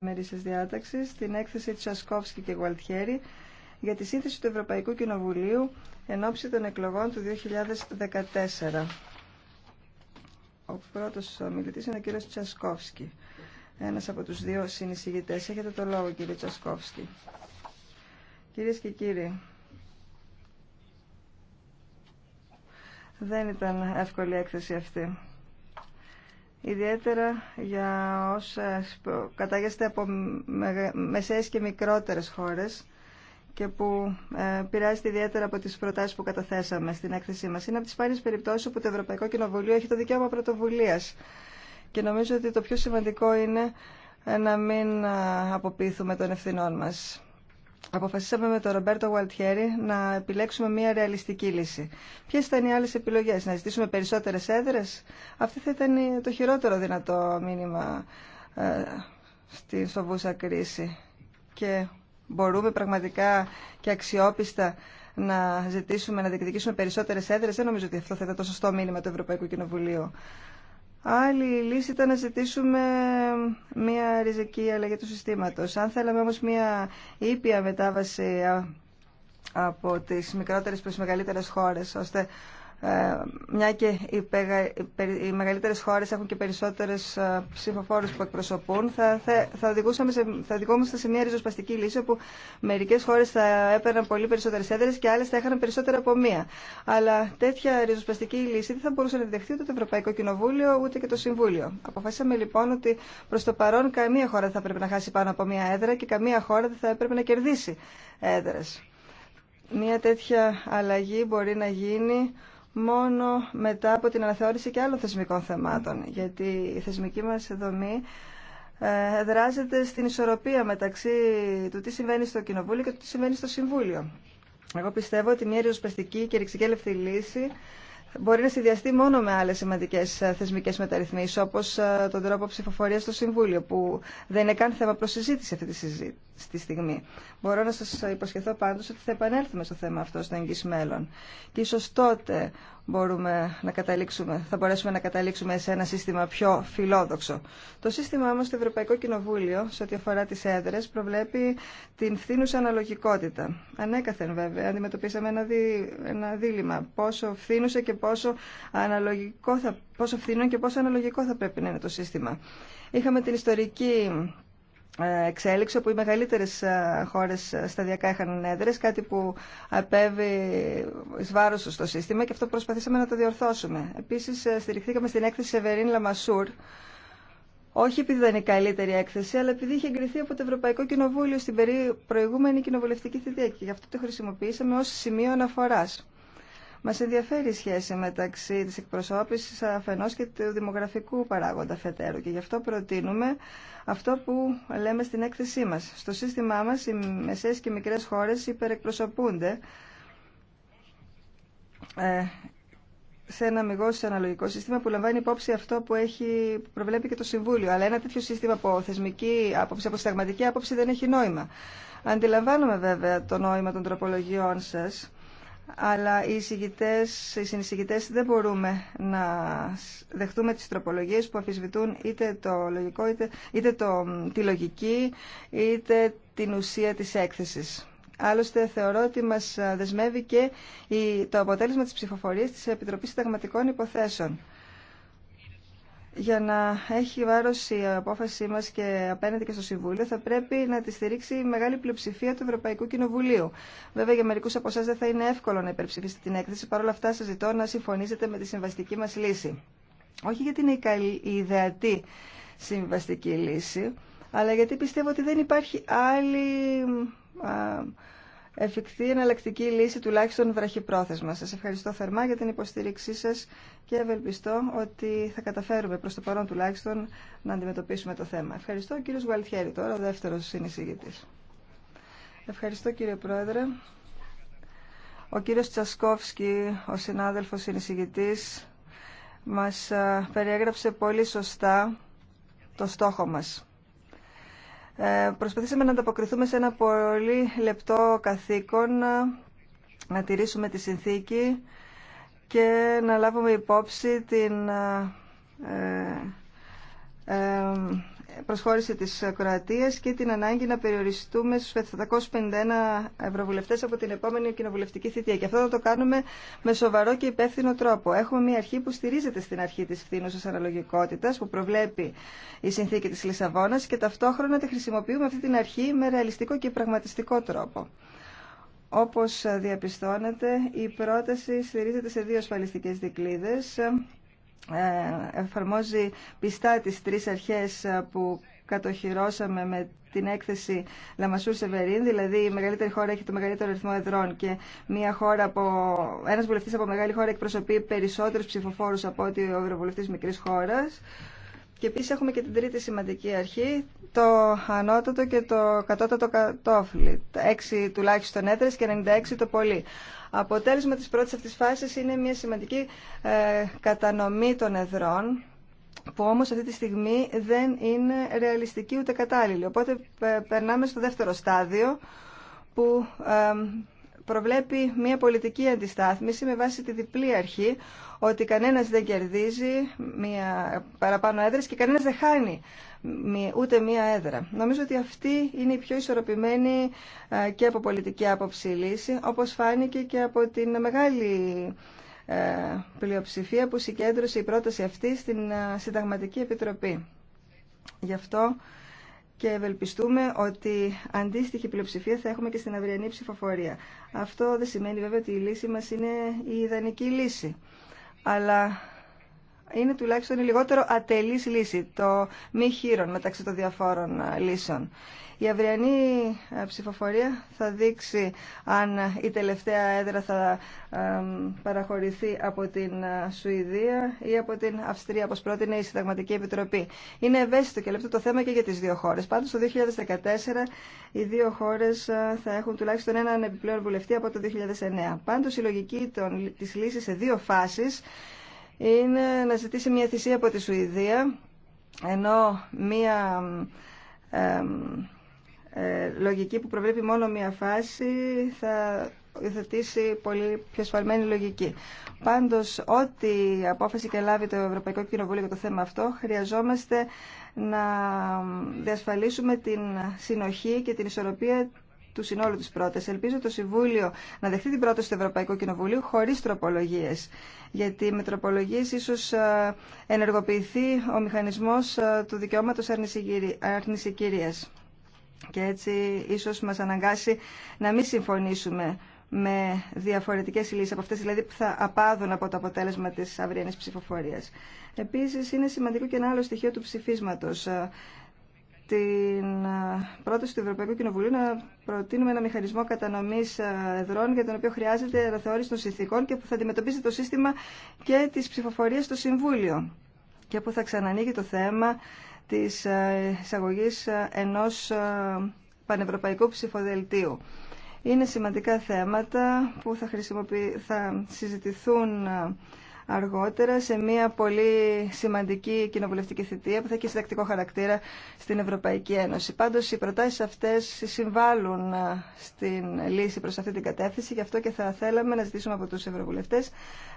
μερίσες διάταξη. την έκθεση Τσασκόφσκι και Γουαλτιέρη για τη σύνθεση του Ευρωπαϊκού Κοινοβουλίου εν ώψη των εκλογών του 2014. Ο πρώτο ομιλητή είναι ο κύριο Τσασκόφσκι. Ένας από τους δύο συνεισηγητέ. Έχετε το λόγο κύριε Τσασκόφσκι. Κυρίε και κύριοι, δεν ήταν εύκολη έκθεση αυτή ιδιαίτερα για όσα κατάγεστε από μεσαίες και μικρότερες χώρες και που ε, πειράζεται ιδιαίτερα από τις προτάσεις που καταθέσαμε στην έκθεσή μας. Είναι από τις σπάνιες περιπτώσεις που το Ευρωπαϊκό Κοινοβουλίο έχει το δικαίωμα πρωτοβουλίας και νομίζω ότι το πιο σημαντικό είναι να μην ε, αποποιηθούμε των ευθυνών μας. Αποφασίσαμε με τον Ρομπέρτο Γουαλτιέρη να επιλέξουμε μια ρεαλιστική λύση. Ποιε ήταν οι άλλε επιλογέ, να ζητήσουμε περισσότερε έδρε. Αυτό θα ήταν το χειρότερο δυνατό μήνυμα ε, στην σοβούσα κρίση. Και μπορούμε πραγματικά και αξιόπιστα να ζητήσουμε να διεκδικήσουμε περισσότερε έδρε. Δεν νομίζω ότι αυτό θα ήταν το σωστό μήνυμα του Ευρωπαϊκού Κοινοβουλίου. Άλλη λύση ήταν να ζητήσουμε μια ριζική αλλαγή του συστήματος. Αν θέλαμε όμως μια ήπια μετάβαση από τις μικρότερες προς μεγαλύτερες χώρες, ώστε ε, μια και οι μεγαλύτερες χώρες έχουν και περισσότερες ε, ψηφοφόρους που εκπροσωπούν, θα, θα, θα, οδηγούσαμε σε, θα σε μια ριζοσπαστική λύση όπου μερικές χώρες θα έπαιρναν πολύ περισσότερες έδρες και άλλες θα έχαναν περισσότερα από μία. Αλλά τέτοια ριζοσπαστική λύση δεν θα μπορούσε να διδεχθεί ούτε το Ευρωπαϊκό Κοινοβούλιο ούτε και το Συμβούλιο. Αποφάσισαμε λοιπόν ότι προς το παρόν καμία χώρα θα πρέπει να χάσει πάνω από μία έδρα και καμία χώρα δεν θα έπρεπε να κερδίσει έδρες. Μία τέτοια αλλαγή μπορεί να γίνει μόνο μετά από την αναθεώρηση και άλλων θεσμικών θεμάτων, γιατί η θεσμική μας δομή ε, δράζεται στην ισορροπία μεταξύ του τι συμβαίνει στο Κοινοβούλιο και του τι συμβαίνει στο Συμβούλιο. Εγώ πιστεύω ότι μια ριζοσπαστική και ρηξικέλευτη λύση μπορεί να συνδυαστεί μόνο με άλλες σημαντικές ε, θεσμικές μεταρρυθμίσεις, όπως ε, τον τρόπο ψηφοφορίας στο Συμβούλιο, που δεν είναι καν θέμα συζήτηση αυτή τη στιγμή. Μπορώ να σας υποσχεθώ πάντως ότι θα επανέλθουμε στο θέμα αυτό στο εγγύς μέλλον. Και ίσως τότε, μπορούμε να καταλήξουμε, θα μπορέσουμε να καταλήξουμε σε ένα σύστημα πιο φιλόδοξο. Το σύστημά όμω, στο Ευρωπαϊκό Κοινοβούλιο, σε ό,τι αφορά τις έδρε, προβλέπει την φθήνουσα αναλογικότητα. Ανέκαθεν βέβαια, αντιμετωπίσαμε ένα, δί, ένα δίλημα. Πόσο φθήνουσε και πόσο, αναλογικό θα, πόσο και πόσο αναλογικό θα πρέπει να είναι το σύστημα. Είχαμε την ιστορική εξέλιξη όπου οι μεγαλύτερες ε, χώρες ε, σταδιακά είχαν έδρες, κάτι που απέβει εις βάρος στο σύστημα και αυτό προσπαθήσαμε να το διορθώσουμε. Επίσης ε, στηριχθήκαμε στην έκθεση Σεβερίν Λαμασούρ, όχι επειδή δεν είναι η καλύτερη έκθεση, αλλά επειδή είχε εγκριθεί από το Ευρωπαϊκό Κοινοβούλιο στην προηγούμενη κοινοβουλευτική θητεία και γι' αυτό το χρησιμοποιήσαμε ως σημείο αναφοράς. Μα ενδιαφέρει η σχέση μεταξύ τη εκπροσώπηση αφενό και του δημογραφικού παράγοντα φετέρου και γι' αυτό προτείνουμε αυτό που λέμε στην έκθεσή μα. Στο σύστημά μα, οι μεσαίε και μικρέ χώρε χώρες υπερεκπροσωπούνται ε, σε ένα αμυγό αναλογικό σύστημα που λαμβάνει υπόψη αυτό που έχει προβλέπει και το Συμβούλιο. Αλλά ένα τέτοιο σύστημα από θεσμική άποψη, από συνταγματική άποψη δεν έχει νόημα. Αντιλαμβάνομαι βέβαια το νόημα των τροπολογιών σας αλλά οι, εισηγητές, οι δεν μπορούμε να δεχτούμε τις τροπολογίες που αφισβητούν είτε, το λογικό, είτε, το, τη λογική είτε την ουσία της έκθεσης. Άλλωστε θεωρώ ότι μας δεσμεύει και το αποτέλεσμα της ψηφοφορίας της Επιτροπής Συνταγματικών Υποθέσεων για να έχει βάρος η απόφασή μας και απέναντι και στο Συμβούλιο θα πρέπει να τη στηρίξει η μεγάλη πλειοψηφία του Ευρωπαϊκού Κοινοβουλίου. Βέβαια για μερικούς από εσάς δεν θα είναι εύκολο να υπερψηφίσετε την έκθεση, παρόλα αυτά σας ζητώ να συμφωνήσετε με τη συμβαστική μας λύση. Όχι γιατί είναι η, καλή, η ιδεατή συμβαστική λύση, αλλά γιατί πιστεύω ότι δεν υπάρχει άλλη εφικτή εναλλακτική λύση τουλάχιστον βραχυπρόθεσμα. Σας ευχαριστώ θερμά για την υποστήριξή σας και ευελπιστώ ότι θα καταφέρουμε προς το παρόν τουλάχιστον να αντιμετωπίσουμε το θέμα. Ευχαριστώ ο κύριος Γουαλτιέρη τώρα, ο δεύτερος συνεισηγητής. Ευχαριστώ κύριε Πρόεδρε. Ο κύριος Τσασκόφσκι, ο συνάδελφος συνεισηγητής, μας ε, περιέγραψε πολύ σωστά το στόχο μας. Ε, προσπαθήσαμε να ανταποκριθούμε σε ένα πολύ λεπτό καθήκον, ε, να τηρήσουμε τη συνθήκη και να λάβουμε υπόψη την ε, προσχώρηση της Κροατίας και την ανάγκη να περιοριστούμε στους 751 ευρωβουλευτές από την επόμενη κοινοβουλευτική θητεία. Και αυτό θα το κάνουμε με σοβαρό και υπεύθυνο τρόπο. Έχουμε μια αρχή που στηρίζεται στην αρχή της φθήνωσης αναλογικότητας που προβλέπει η συνθήκη της Λισαβόνας και ταυτόχρονα τη χρησιμοποιούμε αυτή την αρχή με ρεαλιστικό και πραγματιστικό τρόπο. Όπως διαπιστώνετε, η πρόταση στηρίζεται σε δύο ασφαλιστικές δικλείδες ε, εφαρμόζει πιστά τις τρεις αρχές ε, που κατοχυρώσαμε με την έκθεση Λαμασούρ Σεβερίν, δηλαδή η μεγαλύτερη χώρα έχει το μεγαλύτερο αριθμό εδρών και μια χώρα από, ένας βουλευτής από μεγάλη χώρα εκπροσωπεί περισσότερους ψηφοφόρους από ότι ο ευρωβουλευτής μικρής χώρας. Και επίση έχουμε και την τρίτη σημαντική αρχή, το ανώτατο και το κατώτατο κατόφλι. 6 τουλάχιστον έδρε και 96 το πολύ. Αποτέλεσμα της πρώτης αυτής φάσης είναι μια σημαντική ε, κατανομή των εδρών, που όμως αυτή τη στιγμή δεν είναι ρεαλιστική ούτε κατάλληλη. Οπότε ε, περνάμε στο δεύτερο στάδιο, που ε, προβλέπει μια πολιτική αντιστάθμιση με βάση τη διπλή αρχή ότι κανένας δεν κερδίζει μια παραπάνω έδρα και κανένας δεν χάνει ούτε μία έδρα. Νομίζω ότι αυτή είναι η πιο ισορροπημένη ε, και από πολιτική άποψη λύση, όπως φάνηκε και από την μεγάλη ε, πλειοψηφία που συγκέντρωσε η πρόταση αυτή στην ε, Συνταγματική Επιτροπή. Γι' αυτό και ευελπιστούμε ότι αντίστοιχη πλειοψηφία θα έχουμε και στην αυριανή ψηφοφορία. Αυτό δεν σημαίνει βέβαια ότι η λύση μας είναι η ιδανική λύση. Αλλά είναι τουλάχιστον η λιγότερο ατελής λύση, το μη χείρον μεταξύ των διαφόρων λύσεων. Η αυριανή ε, ψηφοφορία θα δείξει αν η τελευταία έδρα θα παραχωρηθεί από την ε, Σουηδία ή από την Αυστρία, όπως πρότεινε η Συνταγματική οπω προτεινε Είναι ευαίσθητο και λεπτό το θέμα και για τις δύο χώρες. Πάντως το 2014 οι δύο χώρες ε, θα έχουν τουλάχιστον έναν επιπλέον βουλευτή από το 2009. Πάντως η λογική τη της σε δύο φάσει είναι να ζητήσει μια θυσία από τη Σουηδία, ενώ μια... Ε, λογική που προβλέπει μόνο μία φάση θα υιοθετήσει πολύ πιο σφαλμένη λογική. Πάντως, ό,τι απόφαση και λάβει το Ευρωπαϊκό Κοινοβούλιο για το θέμα αυτό, χρειαζόμαστε να διασφαλίσουμε την συνοχή και την ισορροπία του συνόλου της πρότασης. Ελπίζω το Συμβούλιο να δεχτεί την πρόταση του Ευρωπαϊκού Κοινοβουλίου χωρίς τροπολογίες. Γιατί με τροπολογίες ίσως ε, ενεργοποιηθεί ο μηχανισμός ε, του δικαιώματος αρνησικυρίας και έτσι ίσως μας αναγκάσει να μην συμφωνήσουμε με διαφορετικές λύσει από αυτέ δηλαδή που θα απάδουν από το αποτέλεσμα της αυριανής ψηφοφορία. Επίσης, είναι σημαντικό και ένα άλλο στοιχείο του ψηφίσματος. Την πρόταση του Ευρωπαϊκού Κοινοβουλίου να προτείνουμε ένα μηχανισμό κατανομή εδρών για τον οποίο χρειάζεται αναθεώρηση των συνθήκων και που θα αντιμετωπίσει το σύστημα και τη ψηφοφορία στο Συμβούλιο και που θα ξανανοίγει το θέμα της ε, εισαγωγή ε, ενός ε, πανευρωπαϊκού ψηφοδελτίου. Είναι σημαντικά θέματα που θα, θα συζητηθούν αργότερα σε μια πολύ σημαντική κοινοβουλευτική θητεία που θα έχει συντακτικό χαρακτήρα στην Ευρωπαϊκή Ένωση. Πάντως οι προτάσεις αυτές συμβάλλουν στην λύση προς αυτή την κατεύθυνση γι' αυτό και θα θέλαμε να ζητήσουμε από τους ευρωβουλευτές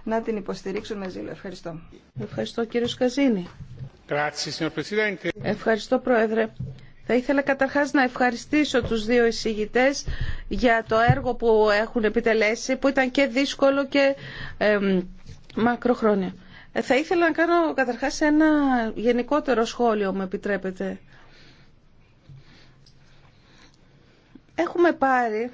να την υποστηρίξουν με ζήλο. Ευχαριστώ. Ευχαριστώ κύριο Σκαζίνη. Ευχαριστώ Πρόεδρε. Θα ήθελα καταρχάς να ευχαριστήσω τους δύο εισηγητές για το έργο που έχουν επιτελέσει, που ήταν και δύσκολο και ε, μακροχρόνια. Θα ήθελα να κάνω καταρχάς ένα γενικότερο σχόλιο, με επιτρέπετε. Έχουμε πάρει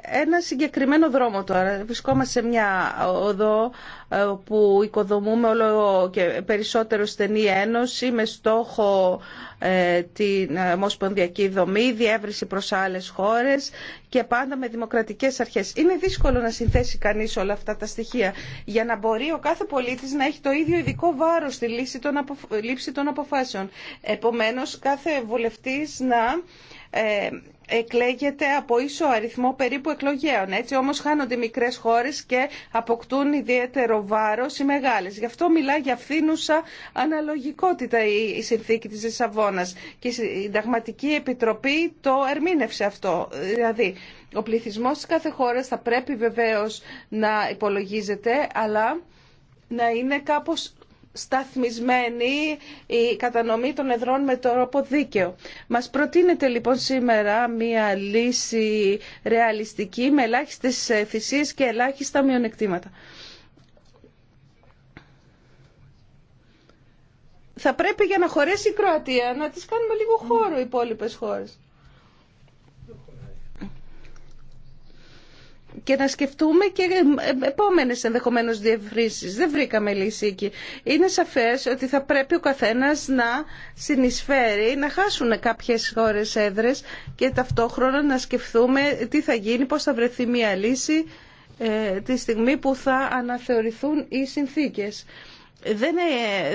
ένα συγκεκριμένο δρόμο τώρα. Βρισκόμαστε σε μια οδό ε, που οικοδομούμε όλο και περισσότερο στενή ένωση με στόχο ε, την ομοσπονδιακή δομή, διεύρυνση προς άλλες χώρες και πάντα με δημοκρατικές αρχές. Είναι δύσκολο να συνθέσει κανείς όλα αυτά τα στοιχεία για να μπορεί ο κάθε πολίτης να έχει το ίδιο ειδικό βάρος στη λύση λήψη των αποφάσεων. Επομένως, κάθε βουλευτής να ε, εκλέγεται από ίσο αριθμό περίπου εκλογέων. Έτσι όμως χάνονται μικρές χώρες και αποκτούν ιδιαίτερο βάρος οι μεγάλες. Γι' αυτό μιλά για φθήνουσα αναλογικότητα η συνθήκη της Λισαβόνας και η Συνταγματική Επιτροπή το ερμήνευσε αυτό. Δηλαδή, ο πληθυσμός της κάθε χώρας θα πρέπει βεβαίως να υπολογίζεται, αλλά να είναι κάπως σταθμισμένη η κατανομή των εδρών με τρόπο δίκαιο. Μας προτείνεται λοιπόν σήμερα μία λύση ρεαλιστική με ελάχιστες θυσίες και ελάχιστα μειονεκτήματα. Θα πρέπει για να χωρέσει η Κροατία να τις κάνουμε λίγο χώρο οι υπόλοιπες χώρες. και να σκεφτούμε και ε, ε, επόμενες ενδεχομένως διευρύνσει. Δεν βρήκαμε λύση εκεί. Είναι σαφές ότι θα πρέπει ο καθένας να συνεισφέρει, να χάσουν κάποιες χώρε έδρες και ταυτόχρονα να σκεφτούμε τι θα γίνει, πώς θα βρεθεί μια λύση ε, τη στιγμή που θα αναθεωρηθούν οι συνθήκες. Δεν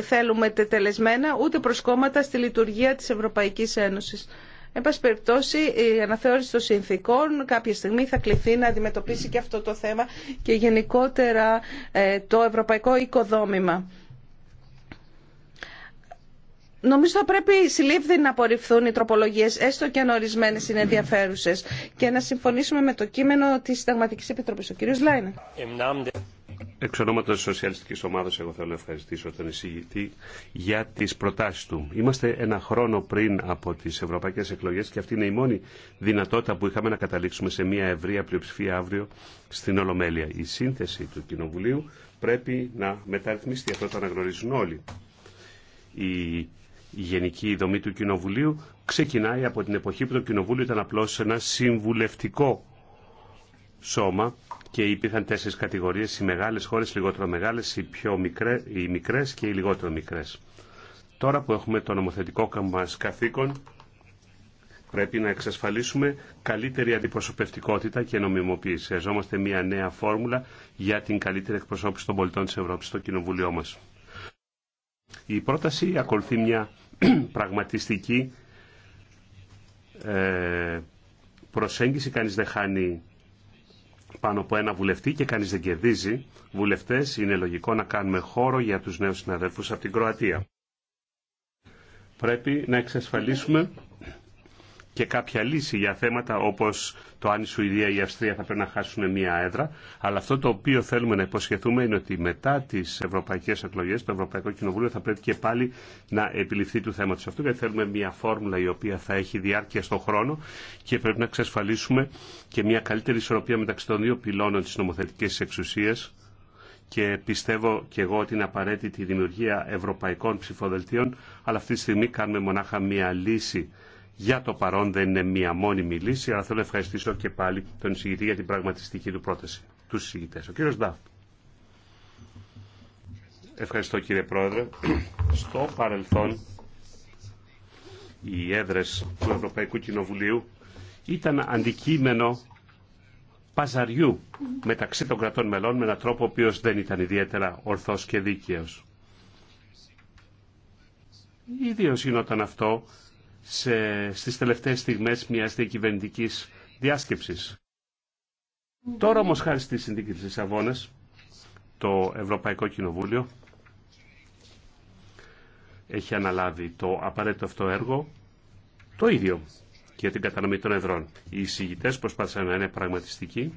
θέλουμε τελεσμένα ούτε προσκόμματα στη λειτουργία της Ευρωπαϊκής Ένωσης. Εν πάση περιπτώσει, η αναθεώρηση των συνθήκων κάποια στιγμή θα κληθεί να αντιμετωπίσει και αυτό το θέμα και γενικότερα ε, το ευρωπαϊκό οικοδόμημα. Νομίζω θα πρέπει συλλήφθη να απορριφθούν οι τροπολογίες, έστω και αν ορισμένε είναι ενδιαφέρουσε, και να συμφωνήσουμε με το κείμενο της Συνταγματικής Επιτροπής. Ο κύριος Λάινε. Εξ ονόματο τη Σοσιαλιστική Ομάδα, εγώ θέλω να ευχαριστήσω τον εισηγητή για τι προτάσει του. Είμαστε ένα χρόνο πριν από τι ευρωπαϊκέ εκλογέ και αυτή είναι η μόνη δυνατότητα που είχαμε να καταλήξουμε σε μια ευρεία πλειοψηφία αύριο στην Ολομέλεια. Η σύνθεση του Κοινοβουλίου πρέπει να μεταρρυθμιστεί. Αυτό το αναγνωρίζουν όλοι. Η γενική δομή του Κοινοβουλίου ξεκινάει από την εποχή που το Κοινοβούλιο ήταν απλώ ένα συμβουλευτικό σώμα και υπήρχαν τέσσερι κατηγορίες, οι μεγάλε χώρες, οι λιγότερο μεγάλες, οι, πιο μικρές, οι μικρές και οι λιγότερο μικρές. Τώρα που έχουμε το νομοθετικό μα καθήκον, πρέπει να εξασφαλίσουμε καλύτερη αντιπροσωπευτικότητα και νομιμοποίηση. Χρειαζόμαστε μια νέα φόρμουλα για την καλύτερη εκπροσώπηση των πολιτών τη Ευρώπη στο Κοινοβούλιο μα. Η πρόταση ακολουθεί μια πραγματιστική ε, προσέγγιση. Κανείς δεν χάνει πάνω από ένα βουλευτή και κανείς δεν κερδίζει βουλευτές, είναι λογικό να κάνουμε χώρο για τους νέους συναδέλφους από την Κροατία. Πρέπει να εξασφαλίσουμε και κάποια λύση για θέματα όπως το αν η Σουηδία ή η Αυστρία θα πρέπει να χάσουν μία έδρα. Αλλά αυτό το οποίο θέλουμε να υποσχεθούμε είναι ότι μετά τις ευρωπαϊκές εκλογές το Ευρωπαϊκό Κοινοβούλιο θα πρέπει και πάλι να επιληφθεί του θέματος αυτού γιατί θέλουμε μία φόρμουλα η οποία θα έχει διάρκεια στον χρόνο και πρέπει να εξασφαλίσουμε και μία καλύτερη ισορροπία μεταξύ των δύο πυλώνων της νομοθετικής εξουσίας και πιστεύω και εγώ ότι είναι απαραίτητη η δημιουργία ευρωπαϊκών ψηφοδελτίων, αλλά αυτή τη στιγμή κάνουμε μονάχα μία λύση για το παρόν δεν είναι μία μόνιμη λύση, αλλά θέλω να ευχαριστήσω και πάλι τον εισηγητή για την πραγματιστική του πρόταση, τους εισηγητές. Ο κύριος Νταφ. Ευχαριστώ κύριε Πρόεδρε. Στο παρελθόν οι έδρες του Ευρωπαϊκού Κοινοβουλίου ήταν αντικείμενο παζαριού μεταξύ των κρατών μελών με έναν τρόπο ο οποίος δεν ήταν ιδιαίτερα ορθός και δίκαιος. Ιδίω γινόταν αυτό σε, στις τελευταίες στιγμές μιας διακυβερνητικής διάσκεψης. Τώρα όμως χάρη στη συνθήκη της Λισαβόνας, το Ευρωπαϊκό Κοινοβούλιο έχει αναλάβει το απαραίτητο αυτό έργο το ίδιο και την κατανομή των εδρών. Οι εισηγητές προσπάθησαν να είναι πραγματιστικοί.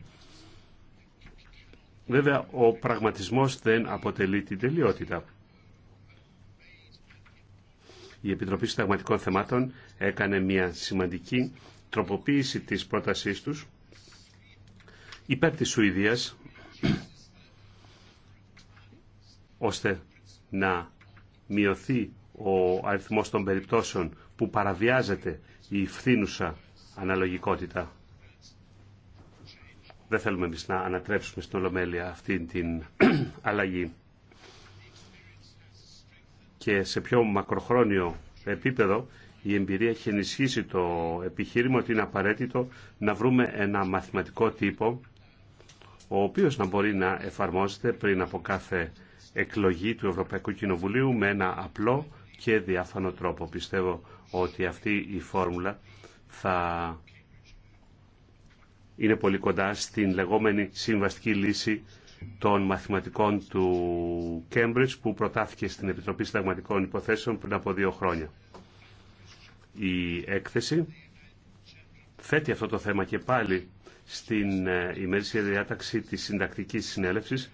Βέβαια, ο πραγματισμός δεν αποτελεί την τελειότητα η Επιτροπή Συνταγματικών Θεμάτων έκανε μια σημαντική τροποποίηση της πρότασής τους υπέρ της Σουηδίας ώστε να μειωθεί ο αριθμός των περιπτώσεων που παραβιάζεται η φθήνουσα αναλογικότητα. Δεν θέλουμε εμείς να ανατρέψουμε στην Ολομέλεια αυτή την αλλαγή και σε πιο μακροχρόνιο επίπεδο η εμπειρία έχει ενισχύσει το επιχείρημα ότι είναι απαραίτητο να βρούμε ένα μαθηματικό τύπο ο οποίος να μπορεί να εφαρμόζεται πριν από κάθε εκλογή του Ευρωπαϊκού Κοινοβουλίου με ένα απλό και διάφανο τρόπο. Πιστεύω ότι αυτή η φόρμουλα θα είναι πολύ κοντά στην λεγόμενη συμβαστική λύση των μαθηματικών του Cambridge που προτάθηκε στην Επιτροπή Συνταγματικών Υποθέσεων πριν από δύο χρόνια. Η έκθεση θέτει αυτό το θέμα και πάλι στην ε, ημερήσια διάταξη της συντακτικής συνέλευσης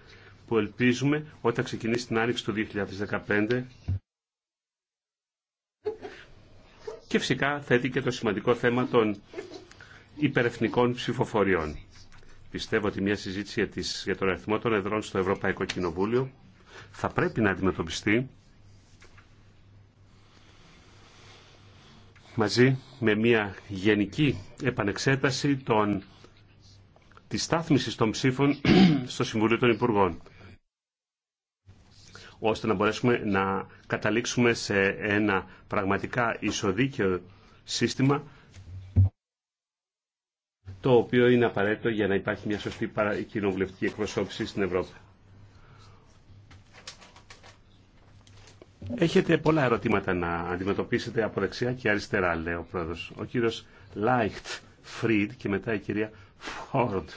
που ελπίζουμε όταν ξεκινήσει την άνοιξη του 2015 και φυσικά θέτει και το σημαντικό θέμα των υπερεθνικών ψηφοφοριών. Πιστεύω ότι μια συζήτηση για τον αριθμό των εδρών στο Ευρωπαϊκό Κοινοβούλιο θα πρέπει να αντιμετωπιστεί μαζί με μια γενική επανεξέταση των, της στάθμισης των ψήφων στο Συμβουλίο των Υπουργών ώστε να μπορέσουμε να καταλήξουμε σε ένα πραγματικά ισοδίκαιο σύστημα το οποίο είναι απαραίτητο για να υπάρχει μια σωστή κοινοβουλευτική εκπροσώπηση στην Ευρώπη. Έχετε πολλά ερωτήματα να αντιμετωπίσετε από δεξιά και αριστερά, λέει ο πρόεδρος. Ο κύριος Λάιχτ Φρίντ και μετά η κυρία Φόρντ.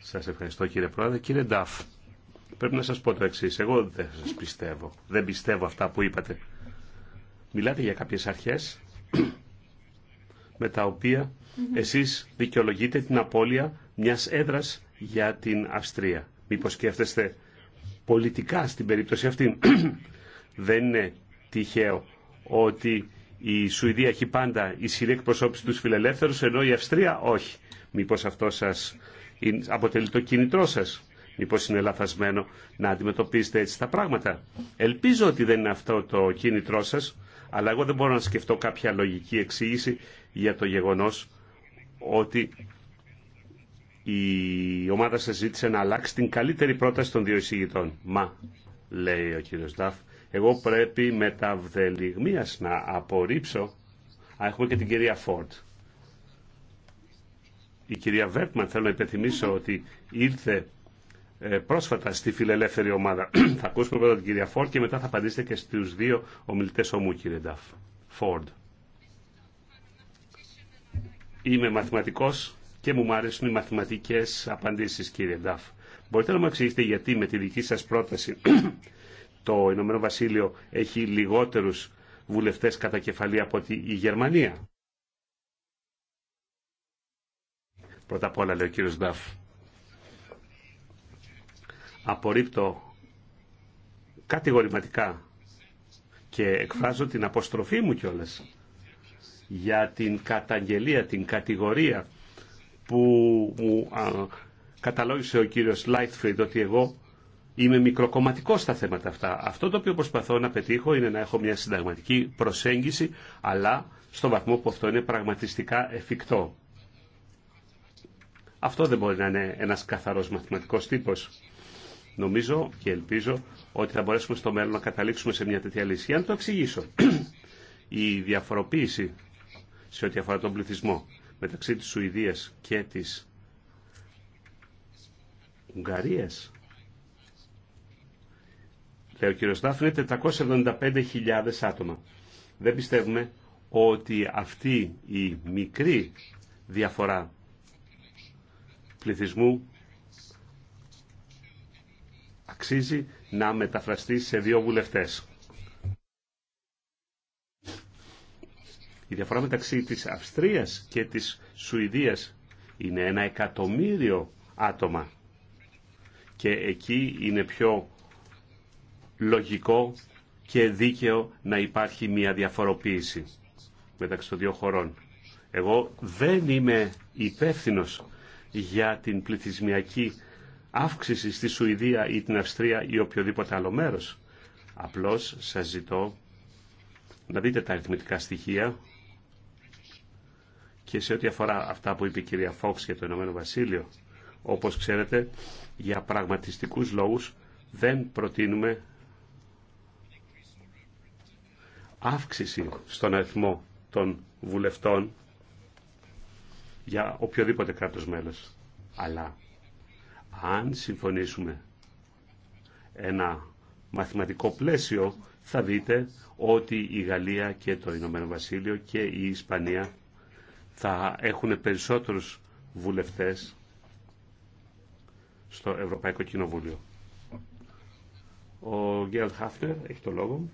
Σας ευχαριστώ κύριε πρόεδρε. Κύριε Νταφ, πρέπει να σας πω το εξή. Εγώ δεν σας πιστεύω. Δεν πιστεύω αυτά που είπατε. Μιλάτε για κάποιες αρχές με τα οποία εσείς δικαιολογείτε την απώλεια μιας έδρας για την Αυστρία. Μήπως σκέφτεστε πολιτικά στην περίπτωση αυτή. Δεν είναι τυχαίο ότι η Σουηδία έχει πάντα ισχυρή εκπροσώπηση τους φιλελεύθερους, ενώ η Αυστρία όχι. Μήπως αυτό σας αποτελεί το κίνητρό σας. Μήπως είναι λαθασμένο να αντιμετωπίσετε έτσι τα πράγματα. Ελπίζω ότι δεν είναι αυτό το κίνητρό σας, αλλά εγώ δεν μπορώ να σκεφτώ κάποια λογική εξήγηση για το γεγονός ότι η ομάδα σας ζήτησε να αλλάξει την καλύτερη πρόταση των δύο εισηγητών. Μα, λέει ο κύριος Νταφ, εγώ πρέπει με τα να απορρίψω. Α, έχουμε και την κυρία Φόρτ. Η κυρία Βέρτμαν, θέλω να υπενθυμίσω ότι ήρθε ε, πρόσφατα στη φιλελεύθερη ομάδα. θα ακούσουμε πρώτα την κυρία Φόρτ και μετά θα απαντήσετε και στους δύο ομιλητές ομού, κύριε Νταφ. Φόρτ. Είμαι μαθηματικός και μου αρέσουν οι μαθηματικές απαντήσεις, κύριε Νταφ. Μπορείτε να μου εξηγήσετε γιατί με τη δική σας πρόταση το Ηνωμένο Βασίλειο έχει λιγότερους βουλευτές κατά κεφαλή από ότι η Γερμανία. Πρώτα απ' όλα λέει ο κύριος Νταφ απορρίπτω κατηγορηματικά και εκφράζω την αποστροφή μου κιόλας για την καταγγελία, την κατηγορία που μου καταλόγησε ο κύριος Λάιτφριντ ότι εγώ είμαι μικροκομματικό στα θέματα αυτά. Αυτό το οποίο προσπαθώ να πετύχω είναι να έχω μια συνταγματική προσέγγιση, αλλά στο βαθμό που αυτό είναι πραγματιστικά εφικτό. Αυτό δεν μπορεί να είναι ένας καθαρός μαθηματικός τύπος. Νομίζω και ελπίζω ότι θα μπορέσουμε στο μέλλον να καταλήξουμε σε μια τέτοια λύση. Για να το εξηγήσω. Η διαφοροποίηση σε ό,τι αφορά τον πληθυσμό μεταξύ της Σουηδίας και της Ουγγαρίας λέει ο κύριος Ντάφ είναι 475.000 άτομα. Δεν πιστεύουμε ότι αυτή η μικρή διαφορά πληθυσμού αξίζει να μεταφραστεί σε δύο βουλευτές. Η διαφορά μεταξύ της Αυστρίας και της Σουηδίας είναι ένα εκατομμύριο άτομα και εκεί είναι πιο λογικό και δίκαιο να υπάρχει μια διαφοροποίηση μεταξύ των δύο χωρών. Εγώ δεν είμαι υπεύθυνο για την πληθυσμιακή αύξηση στη Σουηδία ή την Αυστρία ή οποιοδήποτε άλλο μέρος. Απλώς σας ζητώ να δείτε τα αριθμητικά στοιχεία και σε ό,τι αφορά αυτά που είπε η κυρία Φόξ για το Ηνωμένο Βασίλειο, όπως ξέρετε, για πραγματιστικούς λόγους δεν προτείνουμε αύξηση στον αριθμό των βουλευτών για οποιοδήποτε κράτος μέλος. Αλλά αν συμφωνήσουμε ένα μαθηματικό πλαίσιο, θα δείτε ότι η Γαλλία και το Ηνωμένο Βασίλειο και η Ισπανία θα έχουν περισσότερους βουλευτές στο Ευρωπαϊκό Κοινοβούλιο. Ο Γκέλ Χάφνερ έχει το λόγο.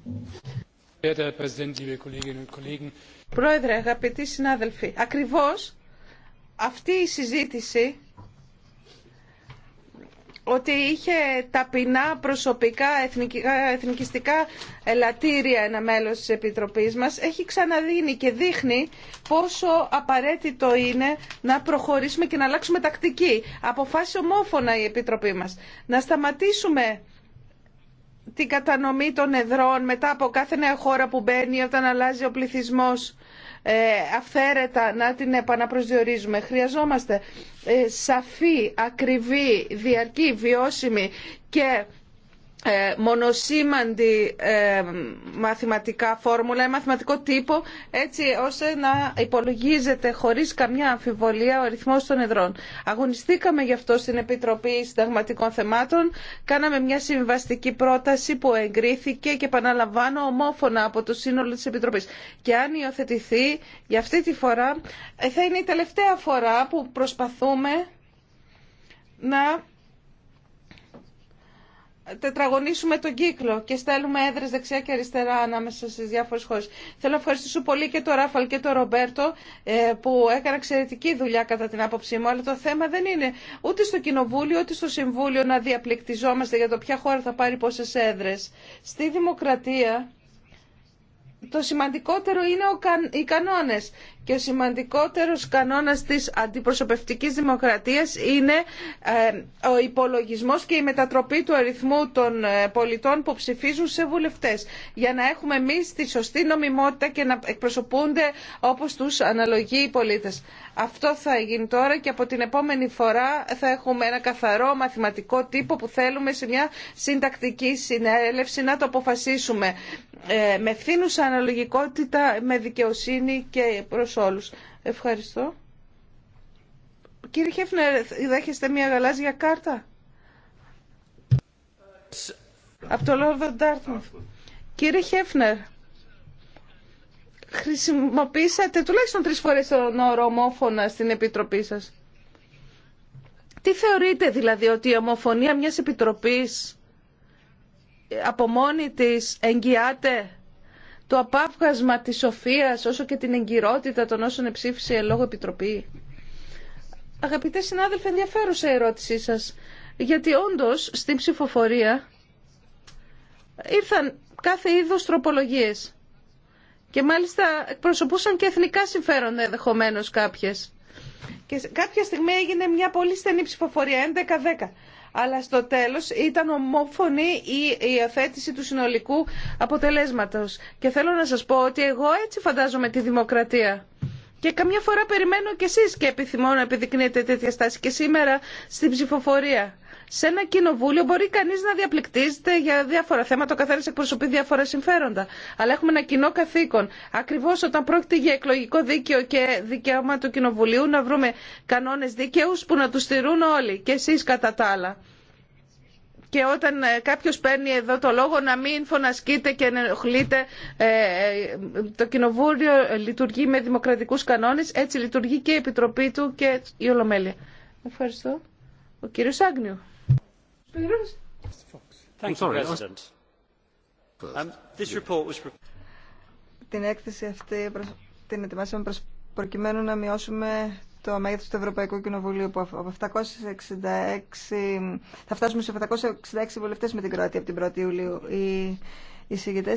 Πρόεδρε, αγαπητοί συνάδελφοι, ακριβώς αυτή η συζήτηση ότι είχε ταπεινά προσωπικά εθνικιστικά ελαττήρια ένα μέλος της Επιτροπής μας έχει ξαναδίνει και δείχνει πόσο απαραίτητο είναι να προχωρήσουμε και να αλλάξουμε τακτική. Αποφάσισε ομόφωνα η Επιτροπή μας να σταματήσουμε την κατανομή των εδρών μετά από κάθε νέα χώρα που μπαίνει όταν αλλάζει ο πληθυσμός ε, αυθαίρετα να την επαναπροσδιορίζουμε. Χρειαζόμαστε ε, σαφή, ακριβή, διαρκή, βιώσιμη και ε, μονοσήμαντη ε, μαθηματικά φόρμουλα, μαθηματικό τύπο, έτσι ώστε να υπολογίζεται χωρίς καμιά αμφιβολία ο αριθμός των εδρών. Αγωνιστήκαμε γι' αυτό στην Επιτροπή Συνταγματικών Θεμάτων, κάναμε μια συμβαστική πρόταση που εγκρίθηκε και επαναλαμβάνω ομόφωνα από το σύνολο της Επιτροπής. Και αν υιοθετηθεί, για αυτή τη φορά ε, θα είναι η τελευταία φορά που προσπαθούμε να τετραγωνίσουμε τον κύκλο και στέλνουμε έδρες δεξιά και αριστερά ανάμεσα στις διάφορες χώρες. Θέλω να ευχαριστήσω πολύ και τον Ράφαλ και τον Ρομπέρτο ε, που έκανε εξαιρετική δουλειά κατά την άποψή μου, αλλά το θέμα δεν είναι ούτε στο Κοινοβούλιο ούτε στο Συμβούλιο να διαπληκτιζόμαστε για το ποια χώρα θα πάρει πόσες έδρες. Στη δημοκρατία το σημαντικότερο είναι οι κανόνες και ο σημαντικότερος κανόνας της αντιπροσωπευτικής δημοκρατίας είναι ε, ο υπολογισμός και η μετατροπή του αριθμού των ε, πολιτών που ψηφίζουν σε βουλευτές για να έχουμε εμεί τη σωστή νομιμότητα και να εκπροσωπούνται όπως τους αναλογεί οι πολίτες. Αυτό θα γίνει τώρα και από την επόμενη φορά θα έχουμε ένα καθαρό μαθηματικό τύπο που θέλουμε σε μια συντακτική συνέλευση να το αποφασίσουμε ε, με φθήνουσα αναλογικότητα, με δικαιοσύνη και προσωπικότητα όλους. Ευχαριστώ. Κύριε Χέφνερ, δέχεστε μια γαλάζια κάρτα. Από το Λόρδο Ντάρτμουθ. Κύριε Χέφνερ, χρησιμοποίησατε τουλάχιστον τρεις φορές τον όρο ομόφωνα στην Επιτροπή σας. Τι θεωρείτε δηλαδή ότι η ομοφωνία μιας Επιτροπής από μόνη της εγγυάται το απάφγασμα της σοφίας όσο και την εγκυρότητα των όσων ψήφισε λόγω επιτροπή. Αγαπητέ συνάδελφοι, ενδιαφέρουσα η ερώτησή σας, γιατί όντως στην ψηφοφορία ήρθαν κάθε είδους τροπολογίες και μάλιστα εκπροσωπούσαν και εθνικά συμφέροντα ενδεχομένω κάποιες. Και κάποια στιγμή έγινε μια πολύ στενή ψηφοφορία, 11-10 αλλά στο τέλος ήταν ομόφωνη η υιοθέτηση του συνολικού αποτελέσματος. Και θέλω να σας πω ότι εγώ έτσι φαντάζομαι τη δημοκρατία. Και καμιά φορά περιμένω κι εσείς και επιθυμώ να επιδεικνύετε τέτοια στάση και σήμερα στην ψηφοφορία σε ένα κοινοβούλιο μπορεί κανεί να διαπληκτίζεται για διάφορα θέματα, ο καθένα εκπροσωπεί διάφορα συμφέροντα. Αλλά έχουμε ένα κοινό καθήκον. Ακριβώ όταν πρόκειται για εκλογικό δίκαιο και δικαίωμα του κοινοβουλίου να βρούμε κανόνε δίκαιου που να του στηρούν όλοι και εσεί κατά τα άλλα. Και όταν ε, κάποιος παίρνει εδώ το λόγο να μην φωνασκείτε και ενοχλείτε, ε, ε, το Κοινοβούλιο λειτουργεί με δημοκρατικούς κανόνες, έτσι λειτουργεί και η Επιτροπή του και η Ολομέλεια. Ευχαριστώ. Ο κύριος Άγνιου. Um, την έκθεση αυτή την ετοιμάσαμε προκειμένου να μειώσουμε το μέγεθος του Ευρωπαϊκού Κοινοβουλίου που από 766 θα φτάσουμε σε 766 βουλευτές με την Κροατία από την 1η Ιουλίου. Οι, οι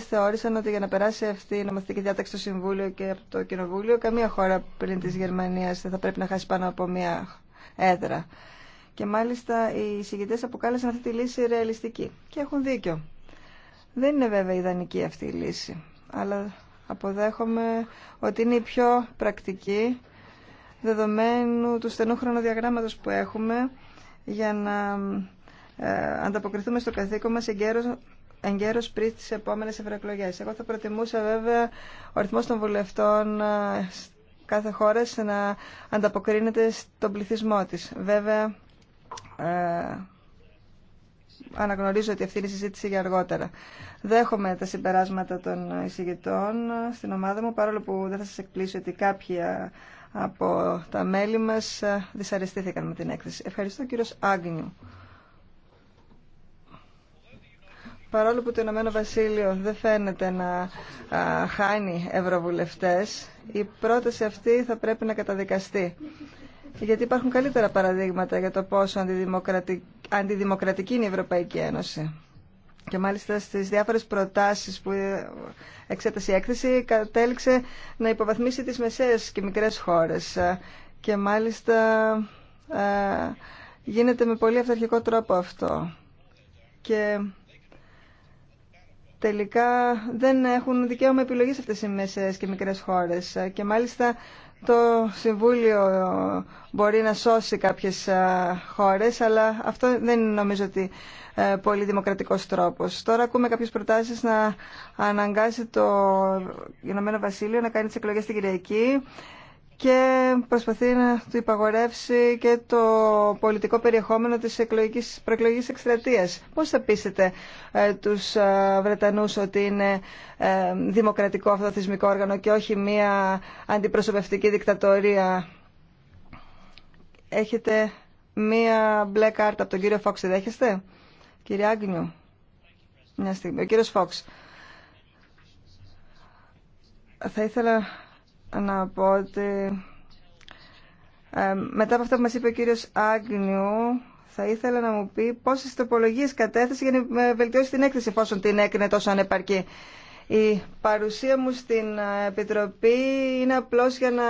θεώρησαν ότι για να περάσει αυτή η νομοθετική διάταξη στο Συμβούλιο και από το Κοινοβούλιο καμία χώρα πριν της Γερμανίας δεν θα πρέπει να χάσει πάνω από μία έδρα. Και μάλιστα οι συγκητές αποκάλεσαν αυτή τη λύση ρεαλιστική. Και έχουν δίκιο. Δεν είναι βέβαια ιδανική αυτή η λύση. Αλλά αποδέχομαι ότι είναι η πιο πρακτική δεδομένου του στενού χρονοδιαγράμματος που έχουμε για να ε, ανταποκριθούμε στο καθήκον μας εγκαίρως εγκαίρω πριν τι επόμενε ευρωεκλογέ. Εγώ θα προτιμούσα βέβαια ο αριθμό των βουλευτών ε, κάθε χώρα να ανταποκρίνεται στον πληθυσμό τη. Βέβαια, ε, αναγνωρίζω ότι αυτή είναι η συζήτηση για αργότερα. Δέχομαι τα συμπεράσματα των εισηγητών στην ομάδα μου, παρόλο που δεν θα σας εκπλήσω ότι κάποια από τα μέλη μας δυσαρεστήθηκαν με την έκθεση. Ευχαριστώ κύριος Άγνιου. Παρόλο που το Ηνωμένο Βασίλειο δεν φαίνεται να χάνει ευρωβουλευτές, η πρόταση αυτή θα πρέπει να καταδικαστεί γιατί υπάρχουν καλύτερα παραδείγματα για το πόσο αντιδημοκρατική, αντιδημοκρατική είναι η Ευρωπαϊκή Ένωση. Και μάλιστα στις διάφορες προτάσεις που εξέτασε η έκθεση κατέληξε να υποβαθμίσει τις μεσαίες και μικρές χώρες. Και μάλιστα ε, γίνεται με πολύ αυταρχικό τρόπο αυτό. Και τελικά δεν έχουν δικαίωμα επιλογής αυτές οι μεσαίες και μικρές χώρες. Και μάλιστα το Συμβούλιο μπορεί να σώσει κάποιες χώρες, αλλά αυτό δεν είναι νομίζω ότι ε, πολύ δημοκρατικός τρόπος. Τώρα ακούμε κάποιες προτάσεις να αναγκάσει το Ηνωμένο Βασίλειο να κάνει τις εκλογές στην Κυριακή και προσπαθεί να του υπαγορεύσει και το πολιτικό περιεχόμενο της εκλογικής, προεκλογικής εκστρατείας. Πώς θα πείσετε ε, τους ε, Βρετανούς ότι είναι ε, δημοκρατικό αυτό το θεσμικό όργανο και όχι μία αντιπροσωπευτική δικτατορία. Έχετε μία μπλε κάρτα από τον κύριο Φόξ, τη δέχεστε. Κύριε Άγνιου, μια αντιπροσωπευτικη δικτατορια εχετε μια μπλε καρτα απο τον κυριο φοξ δεχεστε κυριε αγνιου μια στιγμη Ο κύριος Φόξ. Θα ήθελα να πω ότι ε, μετά από αυτό που μας είπε ο κύριος Άγνιου θα ήθελα να μου πει πόσες τοπολογίες κατέθεσε για να βελτιώσει την έκθεση εφόσον την έκρινε τόσο ανεπαρκή. Η παρουσία μου στην ε, Επιτροπή είναι απλώς για να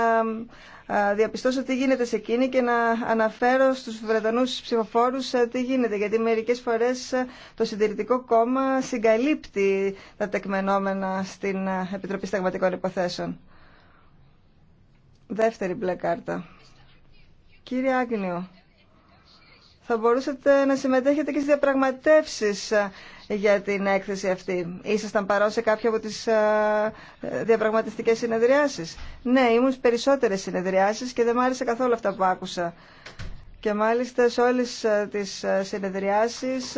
ε, διαπιστώσω τι γίνεται σε εκείνη και να αναφέρω στους Βρετανούς ψηφοφόρους τι γίνεται. Γιατί μερικές φορές το Συντηρητικό Κόμμα συγκαλύπτει τα τεκμενόμενα στην Επιτροπή Σταγματικών Υποθέσεων. Δεύτερη μπλε κάρτα. Κύριε Άγνιο, θα μπορούσατε να συμμετέχετε και στις διαπραγματεύσεις ε, για την έκθεση αυτή. Ήσασταν παρόν σε κάποια από τις ε, διαπραγματευτικές συνεδριάσεις. Ναι, ήμουν σε περισσότερες συνεδριάσεις και δεν μ' άρεσε καθόλου αυτά που άκουσα. Και μάλιστα σε όλες ε, τις συνεδριάσεις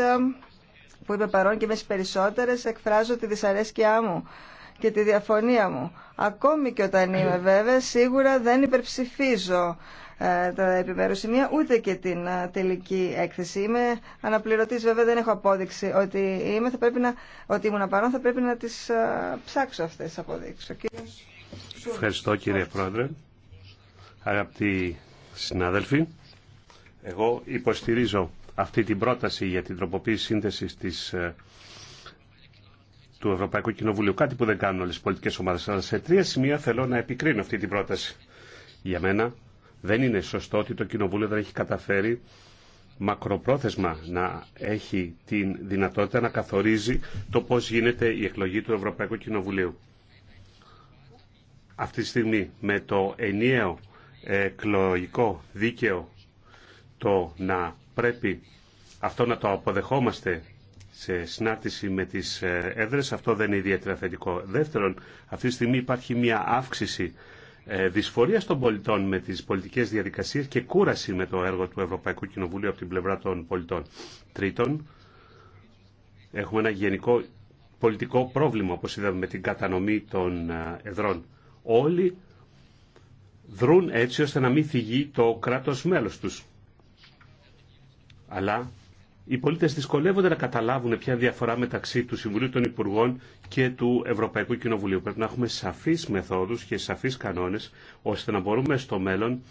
που είμαι παρόν και είμαι στις περισσότερες εκφράζω τη δυσαρέσκειά μου και τη διαφωνία μου. Ακόμη και όταν είμαι βέβαια, σίγουρα δεν υπερψηφίζω ε, τα επιμέρους σημεία, ούτε και την ε, τελική έκθεση. Είμαι αναπληρωτής βέβαια, δεν έχω απόδειξη ότι, είμαι, θα πρέπει να, ότι ήμουν παρόν, θα πρέπει να τις ε, ψάξω αυτές τις αποδείξεις. Ευχαριστώ κύριε Πρόεδρε. Αγαπητοί συνάδελφοι, εγώ υποστηρίζω αυτή την πρόταση για την τροποποίηση σύνθεσης της του Ευρωπαϊκού Κοινοβουλίου. Κάτι που δεν κάνουν όλε οι πολιτικέ ομάδε. Αλλά σε τρία σημεία θέλω να επικρίνω αυτή την πρόταση. Για μένα δεν είναι σωστό ότι το Κοινοβούλιο δεν έχει καταφέρει μακροπρόθεσμα να έχει τη δυνατότητα να καθορίζει το πώς γίνεται η εκλογή του Ευρωπαϊκού Κοινοβουλίου. Αυτή τη στιγμή με το ενιαίο εκλογικό δίκαιο το να πρέπει αυτό να το αποδεχόμαστε σε συνάρτηση με τις ε, έδρες. Αυτό δεν είναι ιδιαίτερα θετικό. Δεύτερον, αυτή τη στιγμή υπάρχει μια αύξηση ε, δυσφορίας των πολιτών με τις πολιτικές διαδικασίες και κούραση με το έργο του Ευρωπαϊκού Κοινοβουλίου από την πλευρά των πολιτών. Τρίτον, έχουμε ένα γενικό πολιτικό πρόβλημα, όπως είδαμε με την κατανομή των ε, εδρών. Όλοι δρούν έτσι ώστε να μην θυγεί το κράτος μέλος τους. Αλλά οι πολίτες δυσκολεύονται να καταλάβουν ποια διαφορά μεταξύ του Συμβουλίου των Υπουργών και του Ευρωπαϊκού Κοινοβουλίου. Πρέπει να έχουμε σαφείς μεθόδους και σαφείς κανόνες ώστε να μπορούμε στο μέλλον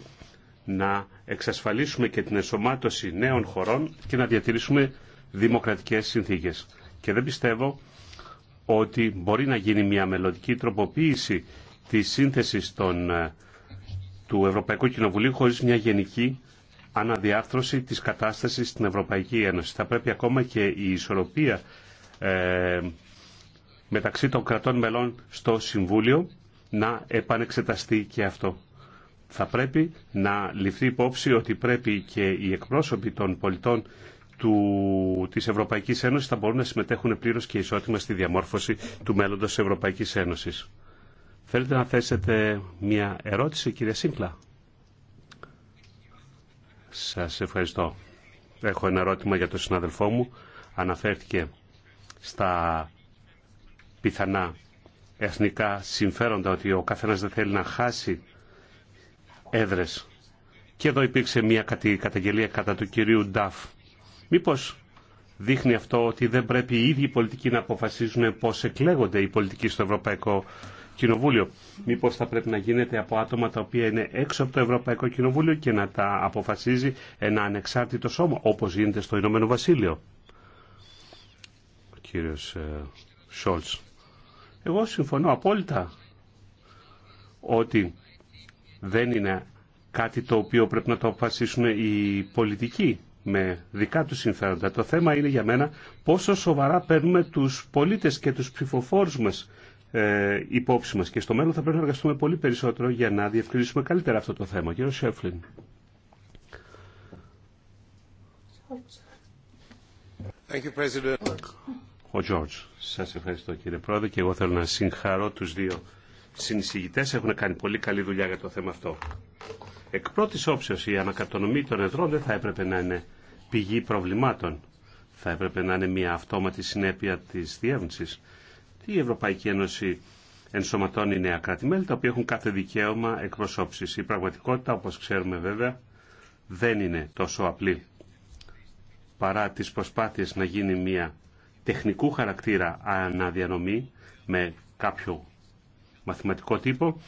να εξασφαλίσουμε και την εσωμάτωση νέων χωρών και να διατηρήσουμε δημοκρατικές συνθήκες. Και δεν πιστεύω ότι μπορεί να γίνει μια μελλοντική τροποποίηση της σύνθεσης ε, του Ευρωπαϊκού Κοινοβουλίου χωρίς μια γενική αναδιάρθρωση της κατάστασης στην Ευρωπαϊκή Ένωση. Θα πρέπει ακόμα και η ισορροπία ε, μεταξύ των κρατών μελών στο Συμβούλιο να επανεξεταστεί και αυτό. Θα πρέπει να ληφθεί υπόψη ότι πρέπει και οι εκπρόσωποι των πολιτών του, της Ευρωπαϊκής Ένωσης θα μπορούν να συμμετέχουν πλήρως και ισότιμα στη διαμόρφωση του μέλλοντος της Ευρωπαϊκής Ένωσης. Θέλετε να θέσετε μια ερώτηση, κύριε Σύμπλα. Σας ευχαριστώ. Έχω ένα ερώτημα για τον συνάδελφό μου. Αναφέρθηκε στα πιθανά εθνικά συμφέροντα ότι ο καθένας δεν θέλει να χάσει έδρες. Και εδώ υπήρξε μια καταγγελία κατά του κυρίου Νταφ. Μήπως δείχνει αυτό ότι δεν πρέπει οι ίδιοι οι πολιτικοί να αποφασίζουν πώς εκλέγονται οι πολιτικοί στο Ευρωπαϊκό Κοινοβούλιο. Μήπως θα πρέπει να γίνεται από άτομα τα οποία είναι έξω από το Ευρωπαϊκό Κοινοβούλιο και να τα αποφασίζει ένα ανεξάρτητο σώμα, όπως γίνεται στο Ηνωμένο Βασίλειο. Ο κύριος ε, Σόλτς. Εγώ συμφωνώ απόλυτα ότι δεν είναι κάτι το οποίο πρέπει να το αποφασίσουν οι πολιτικοί με δικά τους συμφέροντα. Το θέμα είναι για μένα πόσο σοβαρά παίρνουμε τους πολίτες και τους ψηφοφόρους μας ε, υπόψη μας και στο μέλλον θα πρέπει να εργαστούμε πολύ περισσότερο για να διευκρινίσουμε καλύτερα αυτό το θέμα. Κύριο Σέφλιν. Ο Τζόρτζ. Σας ευχαριστώ κύριε Πρόεδρε και εγώ θέλω να συγχαρώ τους δύο συνεισηγητές. Έχουν κάνει πολύ καλή δουλειά για το θέμα αυτό. Εκ πρώτης όψεως η ανακατονομή των εδρών δεν θα έπρεπε να είναι πηγή προβλημάτων. Θα έπρεπε να είναι μια αυτόματη συνέπεια της διεύνησης η Ευρωπαϊκή Ένωση ενσωματώνει νέα κράτη-μέλη τα οποία έχουν κάθε δικαίωμα εκπροσώψης. Η πραγματικότητα, όπως ξέρουμε βέβαια, δεν είναι τόσο απλή. Παρά τις προσπάθειες να γίνει μια τεχνικού χαρακτήρα αναδιανομή με κάποιο μαθηματικό τύπο,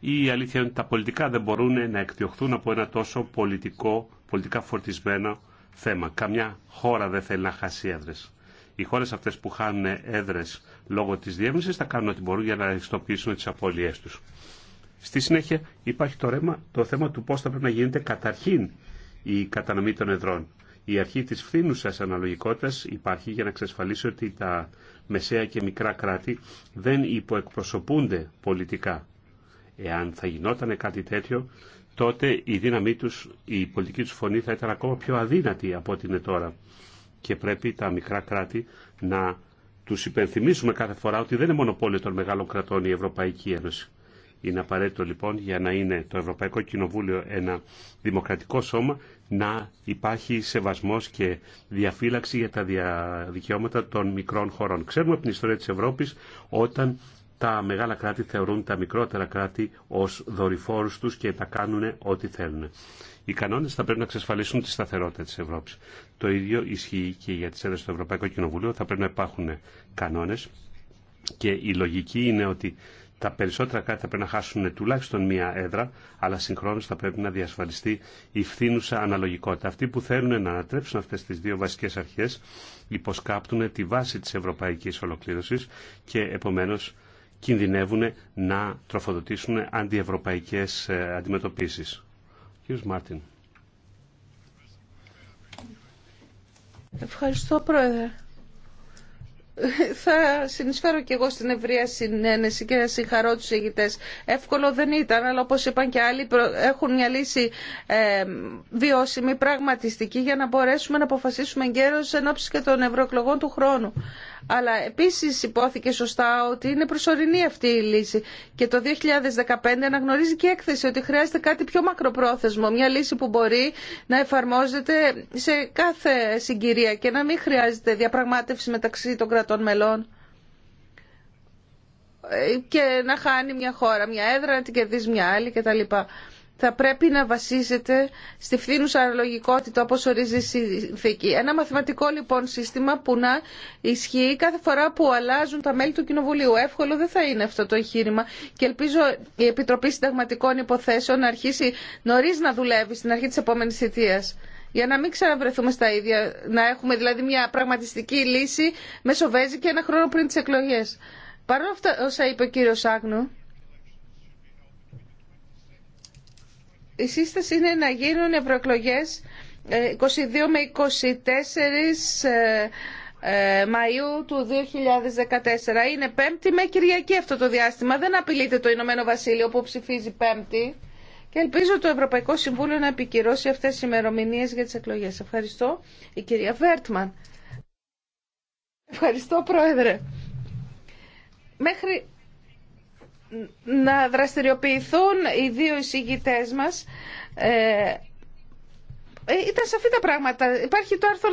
η αλήθεια είναι ότι τα πολιτικά δεν μπορούν να εκδιωχθούν από ένα τόσο πολιτικό, πολιτικά φορτισμένο θέμα. Καμιά χώρα δεν θέλει να χάσει έδρες. Οι χώρε αυτέ που χάνουν έδρε λόγω τη διεύρυνση θα κάνουν ό,τι μπορούν για να εξοπλίσουν τι απώλειέ του. Στη συνέχεια υπάρχει το, ρέμα, το θέμα του πώ θα πρέπει να γίνεται καταρχήν η κατανομή των εδρών. Η αρχή τη φθήνουσα αναλογικότητα υπάρχει για να εξασφαλίσει ότι τα μεσαία και μικρά κράτη δεν υποεκπροσωπούνται πολιτικά. Εάν θα γινόταν κάτι τέτοιο, τότε η δύναμή τους, η πολιτική τους φωνή θα ήταν ακόμα πιο αδύνατη από ό,τι είναι τώρα και πρέπει τα μικρά κράτη να τους υπενθυμίσουμε κάθε φορά ότι δεν είναι μονοπόλιο των μεγάλων κρατών η Ευρωπαϊκή Ένωση. Είναι απαραίτητο λοιπόν για να είναι το Ευρωπαϊκό Κοινοβούλιο ένα δημοκρατικό σώμα να υπάρχει σεβασμός και διαφύλαξη για τα δικαιώματα των μικρών χωρών. Ξέρουμε από την ιστορία της Ευρώπης όταν τα μεγάλα κράτη θεωρούν τα μικρότερα κράτη ως δορυφόρους τους και τα κάνουν ό,τι θέλουν. Οι κανόνες θα πρέπει να εξασφαλίσουν τη σταθερότητα της Ευρώπης. Το ίδιο ισχύει και για τις έδρες του Ευρωπαϊκού Κοινοβουλίου. Θα πρέπει να υπάρχουν κανόνες και η λογική είναι ότι τα περισσότερα κράτη θα πρέπει να χάσουν τουλάχιστον μία έδρα, αλλά συγχρόνως θα πρέπει να διασφαλιστεί η φθήνουσα αναλογικότητα. Αυτοί που θέλουν να ανατρέψουν αυτές τις δύο βασικές αρχές υποσκάπτουν τη βάση της ευρωπαϊκής ολοκλήρωσης και επομένως κινδυνεύουν να τροφοδοτήσουν αντιευρωπαϊκές ε, αντιμετωπίσεις. Κύριος Μάρτιν. Ευχαριστώ Πρόεδρε. Θα συνεισφέρω και εγώ στην ευρεία συνένεση και να συγχαρώ τους ηγητές. Εύκολο δεν ήταν, αλλά όπως είπαν και άλλοι έχουν μια λύση ε, βιώσιμη, πραγματιστική για να μπορέσουμε να αποφασίσουμε εν ώψη και των ευρωεκλογών του χρόνου αλλά επίσης υπόθηκε σωστά ότι είναι προσωρινή αυτή η λύση και το 2015 αναγνωρίζει και έκθεση ότι χρειάζεται κάτι πιο μακροπρόθεσμο, μια λύση που μπορεί να εφαρμόζεται σε κάθε συγκυρία και να μην χρειάζεται διαπραγμάτευση μεταξύ των κρατών μελών ε, και να χάνει μια χώρα, μια έδρα, να την κερδίζει μια άλλη κτλ θα πρέπει να βασίζεται στη φθήνουσα αναλογικότητα όπως ορίζει η συνθήκη. Ένα μαθηματικό λοιπόν σύστημα που να ισχύει κάθε φορά που αλλάζουν τα μέλη του Κοινοβουλίου. Εύκολο δεν θα είναι αυτό το εγχείρημα και ελπίζω η Επιτροπή Συνταγματικών Υποθέσεων να αρχίσει νωρί να δουλεύει στην αρχή της επόμενης θητείας. Για να μην ξαναβρεθούμε στα ίδια, να έχουμε δηλαδή μια πραγματιστική λύση μεσοβέζει και ένα χρόνο πριν τις εκλογές. Παρ' αυτά όσα είπε ο κύριος Άγνου, η σύσταση είναι να γίνουν ευρωεκλογέ 22 ε, με 24 ε, ε, Μαΐου του 2014. Είναι Πέμπτη με Κυριακή αυτό το διάστημα. Δεν απειλείται το Ηνωμένο Βασίλειο που ψηφίζει Πέμπτη. Και ελπίζω το Ευρωπαϊκό Συμβούλιο να επικυρώσει αυτές τις ημερομηνίε για τις εκλογές. Ευχαριστώ. Η κυρία Βέρτμαν. Ευχαριστώ, Πρόεδρε. Μέχρι να δραστηριοποιηθούν οι δύο εισηγητέ μας. Ε, ήταν σαφή τα πράγματα. Υπάρχει το άρθρο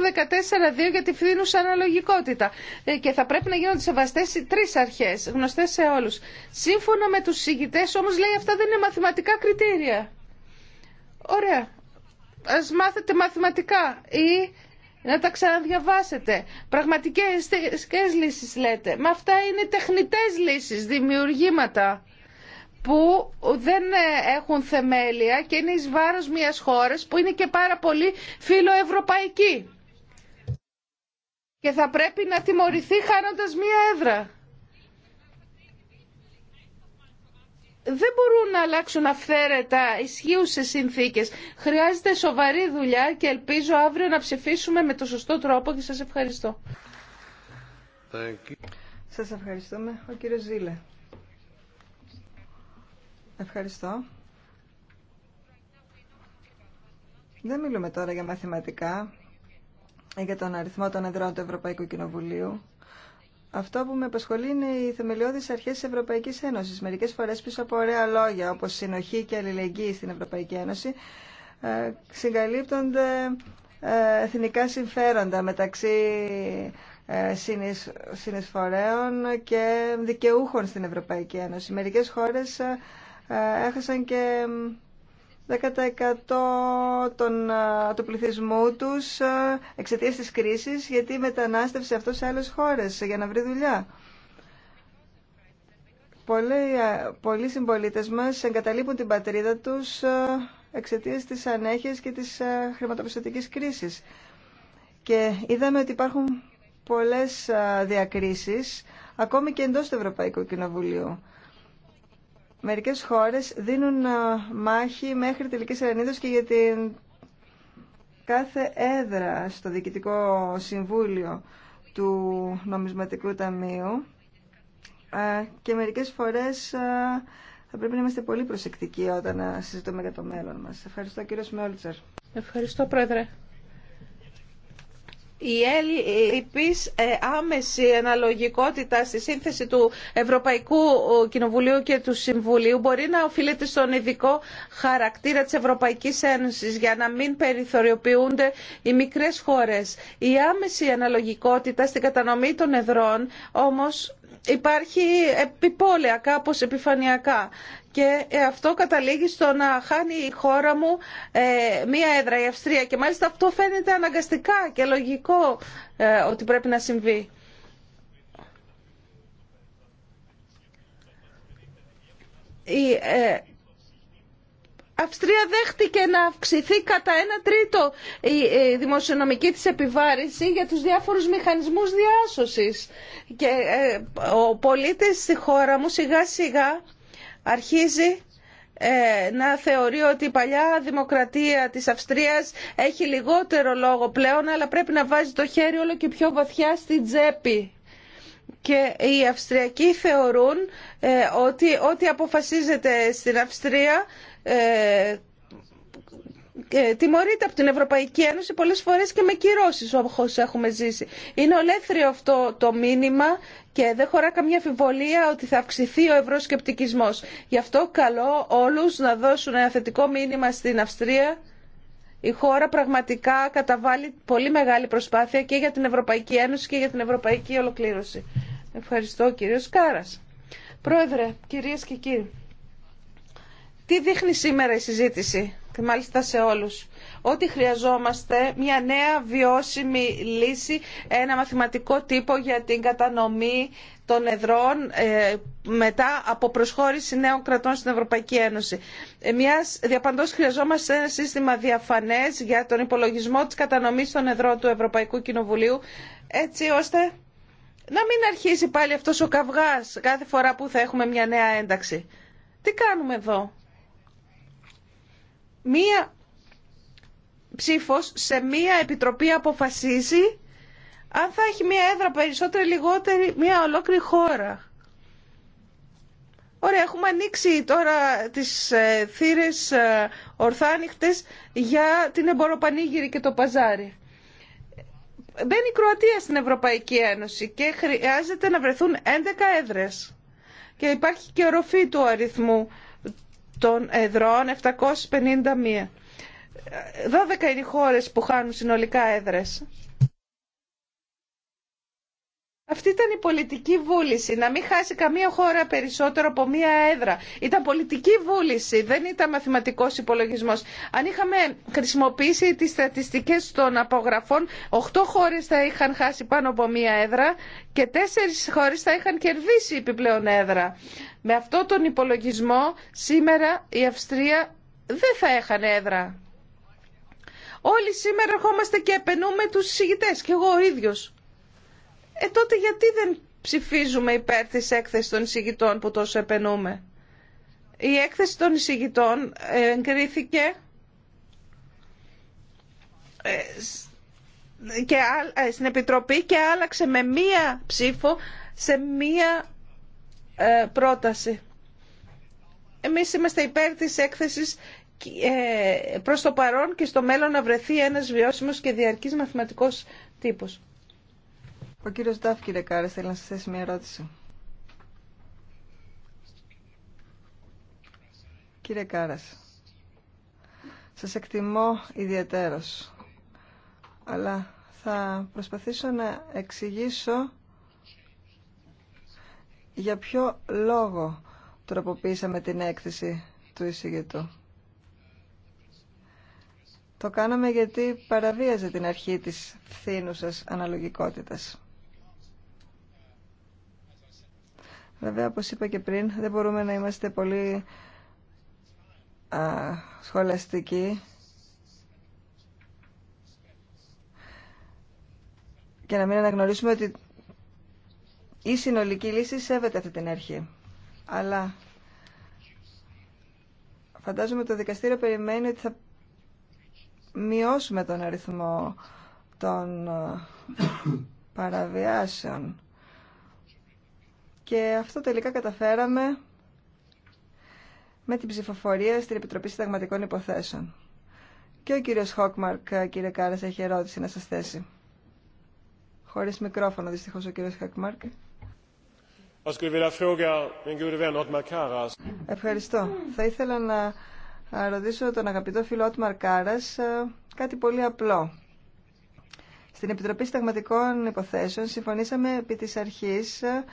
14.2 για τη φθήνουσα αναλογικότητα ε, και θα πρέπει να γίνονται σεβαστέ οι τρει αρχέ, γνωστέ σε όλου. Σύμφωνα με του εισηγητέ όμω λέει αυτά δεν είναι μαθηματικά κριτήρια. Ωραία. Α μάθετε μαθηματικά ή να τα ξαναδιαβάσετε. Πραγματικές λύσεις λέτε. Μα αυτά είναι τεχνητές λύσεις, δημιουργήματα που δεν έχουν θεμέλια και είναι εις βάρος μιας χώρας που είναι και πάρα πολύ φιλοευρωπαϊκή. Και θα πρέπει να τιμωρηθεί χάνοντας μία έδρα. δεν μπορούν να αλλάξουν αυθαίρετα ισχύουσε συνθήκες. Χρειάζεται σοβαρή δουλειά και ελπίζω αύριο να ψηφίσουμε με το σωστό τρόπο και σας ευχαριστώ. Σας ευχαριστούμε. Ο κύριο Ζήλε. Ευχαριστώ. Δεν μιλούμε τώρα για μαθηματικά ή για τον αριθμό των εδρών του Ευρωπαϊκού Κοινοβουλίου. Αυτό που με απασχολεί είναι οι θεμελιώδεις αρχέ τη Ευρωπαϊκής Ένωση. Μερικές φορές πίσω από ωραία λόγια όπως συνοχή και αλληλεγγύη στην Ευρωπαϊκή Ένωση ε, συγκαλύπτονται ε, εθνικά συμφέροντα μεταξύ ε, συνεισφορέων και δικαιούχων στην Ευρωπαϊκή Ένωση. Μερικές χώρες έχασαν και 10% των, του πληθυσμού τους εξαιτία της κρίσης γιατί μετανάστευσε αυτό σε άλλες χώρες για να βρει δουλειά. Πολλοί, πολλοί συμπολίτε μας εγκαταλείπουν την πατρίδα τους εξαιτία της ανέχειας και της χρηματοπιστωτικής κρίσης. Και είδαμε ότι υπάρχουν πολλές διακρίσεις ακόμη και εντός του Ευρωπαϊκού Κοινοβουλίου μερικές χώρες δίνουν ε, μάχη μέχρι τελικής ερανίδος και για την κάθε έδρα στο Διοικητικό Συμβούλιο του Νομισματικού Ταμείου ε, και μερικές φορές ε, θα πρέπει να είμαστε πολύ προσεκτικοί όταν συζητούμε για το μέλλον μας. Ευχαριστώ κύριο Σμιόλτσερ. Ευχαριστώ πρόεδρε η έλλειπης ε, άμεση αναλογικότητα στη σύνθεση του Ευρωπαϊκού Κοινοβουλίου και του Συμβουλίου μπορεί να οφείλεται στον ειδικό χαρακτήρα της Ευρωπαϊκής Ένωσης για να μην περιθωριοποιούνται οι μικρές χώρες. Η άμεση αναλογικότητα στην κατανομή των εδρών όμως υπάρχει επιπόλαια κάπως επιφανειακά και ε, αυτό καταλήγει στο να χάνει η χώρα μου ε, μία έδρα, η Αυστρία. Και μάλιστα αυτό φαίνεται αναγκαστικά και λογικό ε, ότι πρέπει να συμβεί. Η Αυστρία δέχτηκε να αυξηθεί κατά ένα τρίτο η δημοσιονομική της επιβάρηση για τους διάφορους μηχανισμούς διάσωσης. Και ο πολίτης στη χώρα μου σιγά σιγά αρχίζει ε, να θεωρεί ότι η παλιά δημοκρατία της Αυστρίας έχει λιγότερο λόγο πλέον αλλά πρέπει να βάζει το χέρι όλο και πιο βαθιά στην τσέπη και οι Αυστριακοί θεωρούν ε, ότι ό,τι αποφασίζεται στην Αυστρία ε, τιμωρείται από την Ευρωπαϊκή Ένωση πολλές φορές και με κυρώσεις όπως έχουμε ζήσει. Είναι ολέθριο αυτό το μήνυμα και δεν χωρά καμία αμφιβολία ότι θα αυξηθεί ο ευρωσκεπτικισμός. Γι' αυτό καλώ όλους να δώσουν ένα θετικό μήνυμα στην Αυστρία. Η χώρα πραγματικά καταβάλει πολύ μεγάλη προσπάθεια και για την Ευρωπαϊκή Ένωση και για την Ευρωπαϊκή Ολοκλήρωση. Ευχαριστώ κύριο Κάρας. Πρόεδρε, κυρίες και κύριοι, τι δείχνει σήμερα η συζήτηση και μάλιστα σε όλους. Ό,τι χρειαζόμαστε, μια νέα βιώσιμη λύση, ένα μαθηματικό τύπο για την κατανομή των εδρών ε, μετά από προσχώρηση νέων κρατών στην Ευρωπαϊκή Ένωση. Ε, μιας, διαπαντός χρειαζόμαστε ένα σύστημα διαφανές για τον υπολογισμό της κατανομής των εδρών του Ευρωπαϊκού Κοινοβουλίου, έτσι ώστε να μην αρχίσει πάλι αυτός ο καυγάς κάθε φορά που θα έχουμε μια νέα ένταξη. Τι κάνουμε εδώ μία ψήφος σε μία επιτροπή αποφασίζει αν θα έχει μία έδρα περισσότερη ή λιγότερη μία ολόκληρη χώρα. Ωραία, έχουμε ανοίξει τώρα τις ε, θύρες ε, για την εμποροπανήγυρη και το παζάρι. Μπαίνει η Κροατία στην Ευρωπαϊκή Ένωση και χρειάζεται να βρεθούν 11 έδρες. Και υπάρχει και οροφή του αριθμού των εδρών 751. 12 είναι οι χώρες που χάνουν συνολικά έδρες. Αυτή ήταν η πολιτική βούληση, να μην χάσει καμία χώρα περισσότερο από μία έδρα. Ήταν πολιτική βούληση, δεν ήταν μαθηματικός υπολογισμός. Αν είχαμε χρησιμοποιήσει τις στατιστικές των απογραφών, 8 χώρες θα είχαν χάσει πάνω από μία έδρα και 4 χώρες θα είχαν κερδίσει επιπλέον έδρα. Με αυτό τον υπολογισμό σήμερα η Αυστρία δεν θα έχανε έδρα. Όλοι σήμερα ερχόμαστε και επενούμε τους συζητητές και εγώ ο ίδιος. Ε, τότε γιατί δεν ψηφίζουμε υπέρ της έκθεσης των εισηγητών που τόσο επενούμε. Η έκθεση των εισηγητών ε, εγκρίθηκε ε, και ε, στην Επιτροπή και άλλαξε με μία ψήφο σε μία πρόταση. Εμείς είμαστε υπέρ της έκθεσης προς το παρόν και στο μέλλον να βρεθεί ένας βιώσιμος και διαρκής μαθηματικός τύπος. Ο κύριος Ντάφ, κύριε Κάρες, θέλει να σας θέσει μια ερώτηση. Κύριε Κάρας, σας εκτιμώ ιδιαίτερος, αλλά θα προσπαθήσω να εξηγήσω για ποιο λόγο τροποποίησαμε την έκθεση του εισηγητού. Το κάναμε γιατί παραβίαζε την αρχή της φθήνουσας αναλογικότητας. Βέβαια, όπως είπα και πριν, δεν μπορούμε να είμαστε πολύ α, σχολαστικοί και να μην αναγνωρίσουμε ότι η συνολική λύση σέβεται αυτή την αρχή. Αλλά φαντάζομαι το δικαστήριο περιμένει ότι θα μειώσουμε τον αριθμό των παραβιάσεων και αυτό τελικά καταφέραμε με την ψηφοφορία στην Επιτροπή Συνταγματικών Υποθέσεων. Και ο κύριος Χόκμαρκ, κύριε Κάρας, έχει ερώτηση να σας θέσει. Χωρίς μικρόφωνο, δυστυχώς, ο κύριος Χόκμαρκ. Ευχαριστώ. Θα ήθελα να ρωτήσω τον αγαπητό φίλο Ότμαρ Κάρας ε, κάτι πολύ απλό. Στην Επιτροπή Συνταγματικών Υποθέσεων συμφωνήσαμε επί της αρχής ε,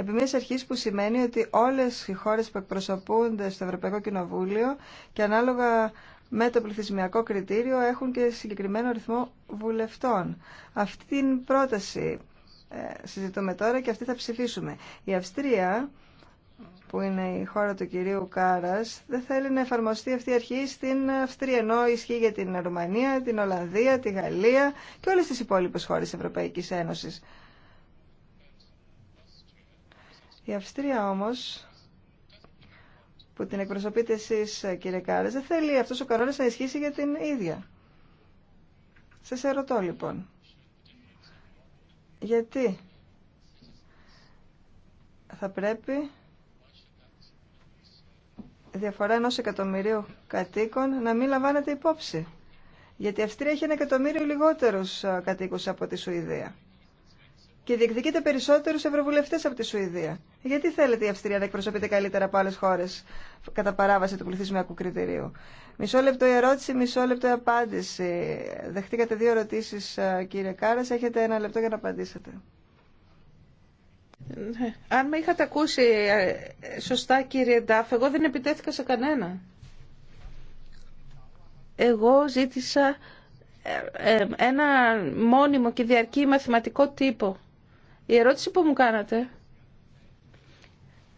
επί μιας αρχής που σημαίνει ότι όλες οι χώρες που εκπροσωπούνται στο Ευρωπαϊκό Κοινοβούλιο και ανάλογα με το πληθυσμιακό κριτήριο έχουν και συγκεκριμένο ρυθμό βουλευτών. Αυτή την πρόταση ε, συζητούμε τώρα και αυτή θα ψηφίσουμε. Η Αυστρία που είναι η χώρα του κυρίου Κάρας, δεν θέλει να εφαρμοστεί αυτή η αρχή στην Αυστρία, ενώ ισχύει για την Ρουμανία, την Ολλανδία, τη Γαλλία και όλες τις υπόλοιπες χώρες Ευρωπαϊκής Ένωσης. Η Αυστρία όμως, που την εκπροσωπείτε εσείς κύριε Κάρες, δεν θέλει αυτός ο κανόνας να ισχύσει για την ίδια. Σας ερωτώ λοιπόν. Γιατί θα πρέπει διαφορά ενός εκατομμυρίου κατοίκων να μην λαμβάνεται υπόψη. Γιατί η Αυστρία έχει ένα εκατομμύριο λιγότερους ε, κατοίκους από τη Σουηδία και διεκδικείται περισσότερου ευρωβουλευτέ από τη Σουηδία. Γιατί θέλετε η Αυστρία να εκπροσωπείται καλύτερα από άλλε χώρε κατά παράβαση του πληθυσμιακού κριτηρίου. Μισό λεπτό η ερώτηση, μισό λεπτό η απάντηση. Δεχτήκατε δύο ερωτήσει, ε, κύριε Κάρα. Έχετε ένα λεπτό για να απαντήσετε. Ναι. Αν με είχατε ακούσει ε, σωστά, κύριε Ντάφ, εγώ δεν επιτέθηκα σε κανένα. Εγώ ζήτησα ε, ένα μόνιμο και διαρκή μαθηματικό τύπο η ερώτηση που μου κάνατε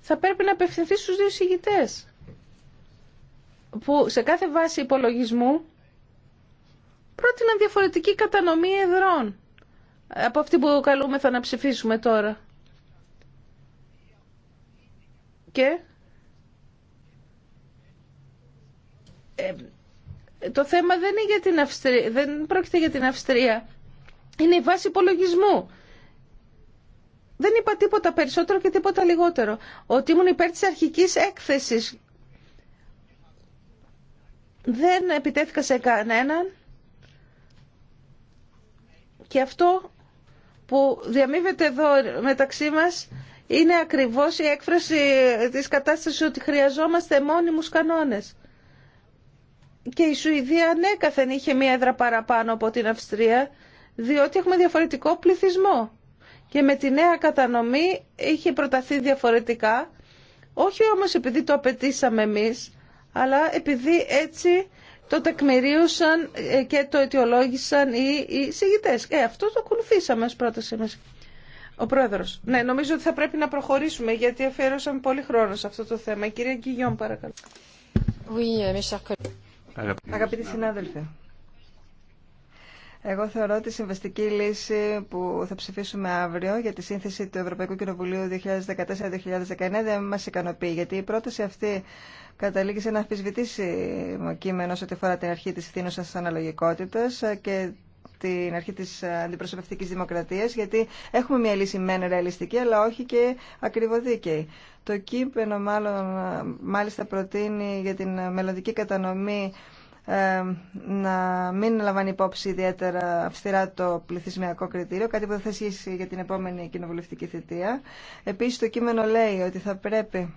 θα πρέπει να απευθυνθεί στους δύο συγητές που σε κάθε βάση υπολογισμού πρότειναν διαφορετική κατανομή εδρών από αυτή που καλούμεθα να ψηφίσουμε τώρα. Και ε, το θέμα δεν, είναι για την Αυστρία, δεν πρόκειται για την Αυστρία. Είναι η βάση υπολογισμού. Δεν είπα τίποτα περισσότερο και τίποτα λιγότερο. Ότι ήμουν υπέρ της αρχικής έκθεσης. Δεν επιτέθηκα σε κανέναν. Και αυτό που διαμείβεται εδώ μεταξύ μας είναι ακριβώς η έκφραση της κατάστασης ότι χρειαζόμαστε μόνιμους κανόνες. Και η Σουηδία ανέκαθεν ναι, είχε μία έδρα παραπάνω από την Αυστρία, διότι έχουμε διαφορετικό πληθυσμό και με τη νέα κατανομή είχε προταθεί διαφορετικά, όχι όμως επειδή το απαιτήσαμε εμείς, αλλά επειδή έτσι το τεκμηρίωσαν ε, και το αιτιολόγησαν οι, οι Ε, αυτό το ακολουθήσαμε ως πρόταση μας. Ο πρόεδρος. Ναι, νομίζω ότι θα πρέπει να προχωρήσουμε γιατί αφιέρωσαμε πολύ χρόνο σε αυτό το θέμα. Κυρία Γκυγιόν, παρακαλώ. Oui, Αγαπητοί συνάδελφοι. Εγώ θεωρώ ότι η συμβαστική λύση που θα ψηφίσουμε αύριο για τη σύνθεση του Ευρωπαϊκού Κοινοβουλίου 2014-2019 δεν μας ικανοποιεί, γιατί η πρόταση αυτή καταλήγει σε ένα αμφισβητήσιμο κείμενο ό,τι αφορά την αρχή της φθήνωσας αναλογικότητας και την αρχή της αντιπροσωπευτικής δημοκρατίας, γιατί έχουμε μια λύση μεν ρεαλιστική, αλλά όχι και ακριβοδίκαιη. Το κείμενο μάλλον, μάλιστα προτείνει για την μελλοντική κατανομή ε, να μην λαμβάνει υπόψη ιδιαίτερα αυστηρά το πληθυσμιακό κριτήριο, κάτι που θα ισχύσει για την επόμενη κοινοβουλευτική θητεία. Επίσης το κείμενο λέει ότι θα πρέπει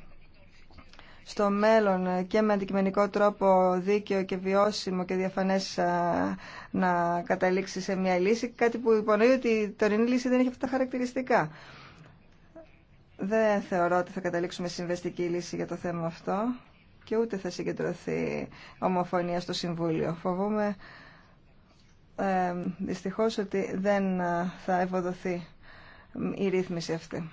στο μέλλον και με αντικειμενικό τρόπο δίκαιο και βιώσιμο και διαφανές ε, να καταλήξει σε μια λύση, κάτι που υπονοεί ότι η τωρινή λύση δεν έχει αυτά τα χαρακτηριστικά. Δεν θεωρώ ότι θα καταλήξουμε συμβεστική λύση για το θέμα αυτό και ούτε θα συγκεντρωθεί ομοφωνία στο Συμβούλιο. Φοβούμαι ε, δυστυχώς ότι δεν ε, θα ευοδοθεί η ρύθμιση αυτή.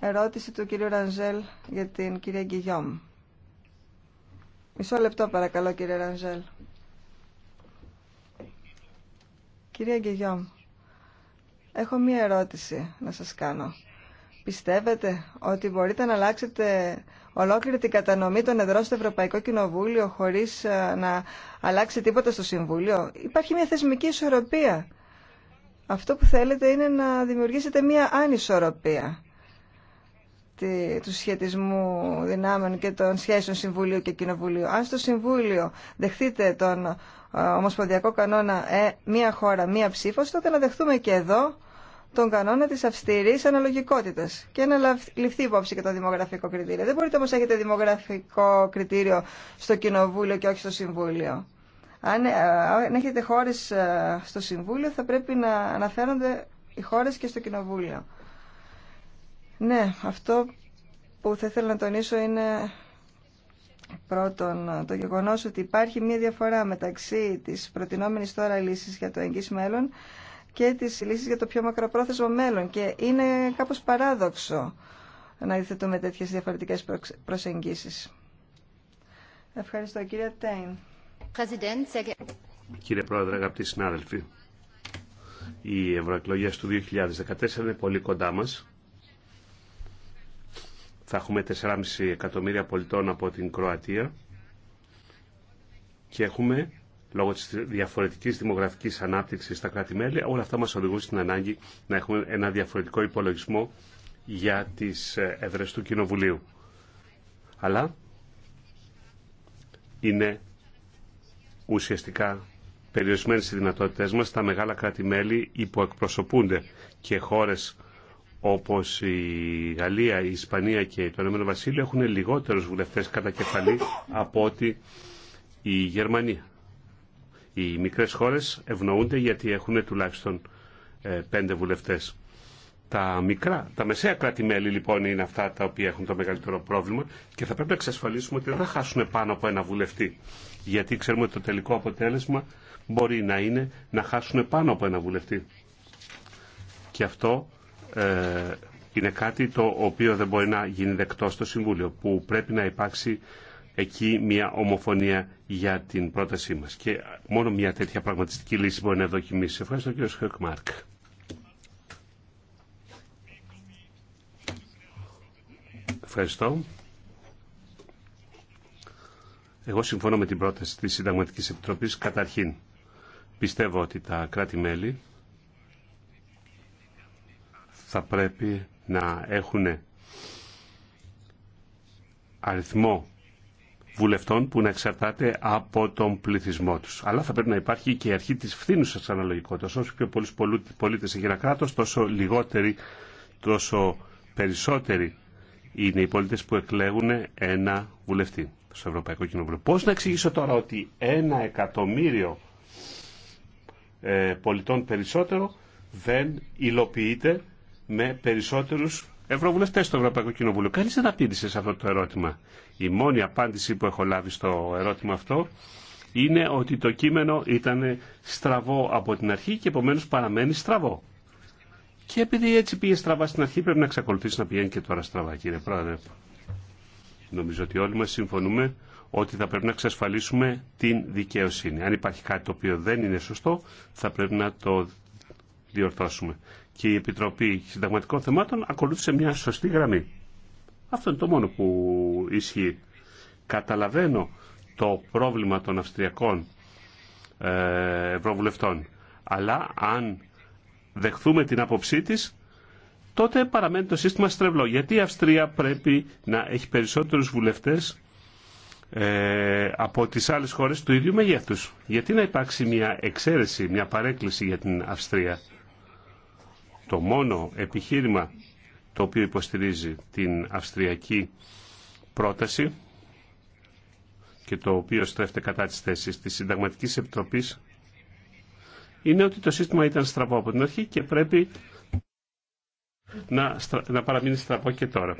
Ερώτηση του κυρίου Ρανζέλ για την κυρία Γκυγιόμ. Μισό λεπτό παρακαλώ κύριε Ρανζέλ. Κυρία Γκυγιόμ, έχω μία ερώτηση να σας κάνω. Πιστεύετε ότι μπορείτε να αλλάξετε ολόκληρη την κατανομή των εδρών στο Ευρωπαϊκό Κοινοβούλιο χωρίς ε, να αλλάξει τίποτα στο Συμβούλιο. Υπάρχει μια θεσμική ισορροπία. Αυτό που θέλετε είναι να δημιουργήσετε μια ανισορροπία του σχετισμού δυνάμεων και των σχέσεων Συμβουλίου και Κοινοβουλίου. Αν στο Συμβούλιο δεχτείτε τον ε, Ομοσπονδιακό Κανόνα ε, μία χώρα, μία ψήφος, τότε να δεχτούμε και εδώ τον κανόνα τη αυστηρή αναλογικότητα και να ληφθεί υπόψη και το δημογραφικό κριτήριο. Δεν μπορείτε όμω να έχετε δημογραφικό κριτήριο στο Κοινοβούλιο και όχι στο Συμβούλιο. Αν, ε, αν έχετε χώρε ε, στο Συμβούλιο, θα πρέπει να αναφέρονται οι χώρε και στο Κοινοβούλιο. Ναι, αυτό που θα ήθελα να τονίσω είναι πρώτον το γεγονός ότι υπάρχει μια διαφορά μεταξύ της προτινόμενης τώρα λύσης για το εγγύς μέλλον και τις λύσεις για το πιο μακροπρόθεσμο μέλλον. Και είναι κάπως παράδοξο να το τέτοιες διαφορετικές προσεγγίσεις. Ευχαριστώ. Κύριε Τέιν. Κύριε Πρόεδρε, αγαπητοί συνάδελφοι, οι ευρωεκλογέ του 2014 είναι πολύ κοντά μας. Θα έχουμε 4,5 εκατομμύρια πολιτών από την Κροατία και έχουμε λόγω της διαφορετικής δημογραφικής ανάπτυξης στα κράτη-μέλη, όλα αυτά μας οδηγούν στην ανάγκη να έχουμε ένα διαφορετικό υπολογισμό για τις ε, έδρες του Κοινοβουλίου. Αλλά είναι ουσιαστικά περιορισμένε οι δυνατότητές μας. Τα μεγάλα κράτη-μέλη υποεκπροσωπούνται και χώρες όπως η Γαλλία, η Ισπανία και το Ηνωμένο Βασίλειο έχουν λιγότερου βουλευτέ κατά κεφαλή από ότι η Γερμανία. Οι μικρές χώρες ευνοούνται γιατί έχουν τουλάχιστον ε, πέντε βουλευτές. Τα μικρά, τα μεσαία κράτη-μέλη λοιπόν είναι αυτά τα οποία έχουν το μεγαλύτερο πρόβλημα και θα πρέπει να εξασφαλίσουμε ότι δεν θα χάσουν πάνω από ένα βουλευτή. Γιατί ξέρουμε ότι το τελικό αποτέλεσμα μπορεί να είναι να χάσουν πάνω από ένα βουλευτή. Και αυτό ε, είναι κάτι το οποίο δεν μπορεί να γίνει δεκτό στο Συμβούλιο, που πρέπει να υπάρξει εκεί μια ομοφωνία για την πρότασή μας. Και μόνο μια τέτοια πραγματιστική λύση μπορεί να δοκιμήσει. Ευχαριστώ κύριο Χεκμάρκ. Ευχαριστώ. Εγώ συμφωνώ με την πρόταση της Συνταγματικής Επιτροπής. Καταρχήν, πιστεύω ότι τα κράτη-μέλη θα πρέπει να έχουν αριθμό βουλευτών που να εξαρτάται από τον πληθυσμό του. Αλλά θα πρέπει να υπάρχει και η αρχή τη σα αναλογικότητα. Όσο πιο πολλού πολίτε έχει ένα κράτο, τόσο λιγότεροι, τόσο περισσότεροι είναι οι πολίτε που εκλέγουν ένα βουλευτή στο Ευρωπαϊκό Κοινοβούλιο. Πώ να εξηγήσω τώρα ότι ένα εκατομμύριο ε, πολιτών περισσότερο δεν υλοποιείται με περισσότερους ευρωβουλευτέ στο Ευρωπαϊκό Κοινοβούλιο. Κανεί δεν απήντησε σε αυτό το ερώτημα. Η μόνη απάντηση που έχω λάβει στο ερώτημα αυτό είναι ότι το κείμενο ήταν στραβό από την αρχή και επομένω παραμένει στραβό. Και επειδή έτσι πήγε στραβά στην αρχή, πρέπει να εξακολουθήσει να πηγαίνει και τώρα στραβά, κύριε Πρόεδρε. Νομίζω ότι όλοι μα συμφωνούμε ότι θα πρέπει να εξασφαλίσουμε την δικαιοσύνη. Αν υπάρχει κάτι το οποίο δεν είναι σωστό, θα πρέπει να το διορθώσουμε και η Επιτροπή Συνταγματικών Θεμάτων ακολούθησε μια σωστή γραμμή. Αυτό είναι το μόνο που ισχύει. Καταλαβαίνω το πρόβλημα των Αυστριακών ε, Ευρωβουλευτών, αλλά αν δεχθούμε την άποψή της, τότε παραμένει το σύστημα στρεβλό. Γιατί η Αυστρία πρέπει να έχει περισσότερους βουλευτές ε, από τις άλλες χώρες του ίδιου μεγέθους. Γιατί να υπάρξει μια εξαίρεση, μια παρέκκληση για την Αυστρία το μόνο επιχείρημα το οποίο υποστηρίζει την αυστριακή πρόταση και το οποίο στρέφεται κατά τις θέσεις της Συνταγματικής Επιτροπής είναι ότι το σύστημα ήταν στραβό από την αρχή και πρέπει να, να παραμείνει στραβό και τώρα.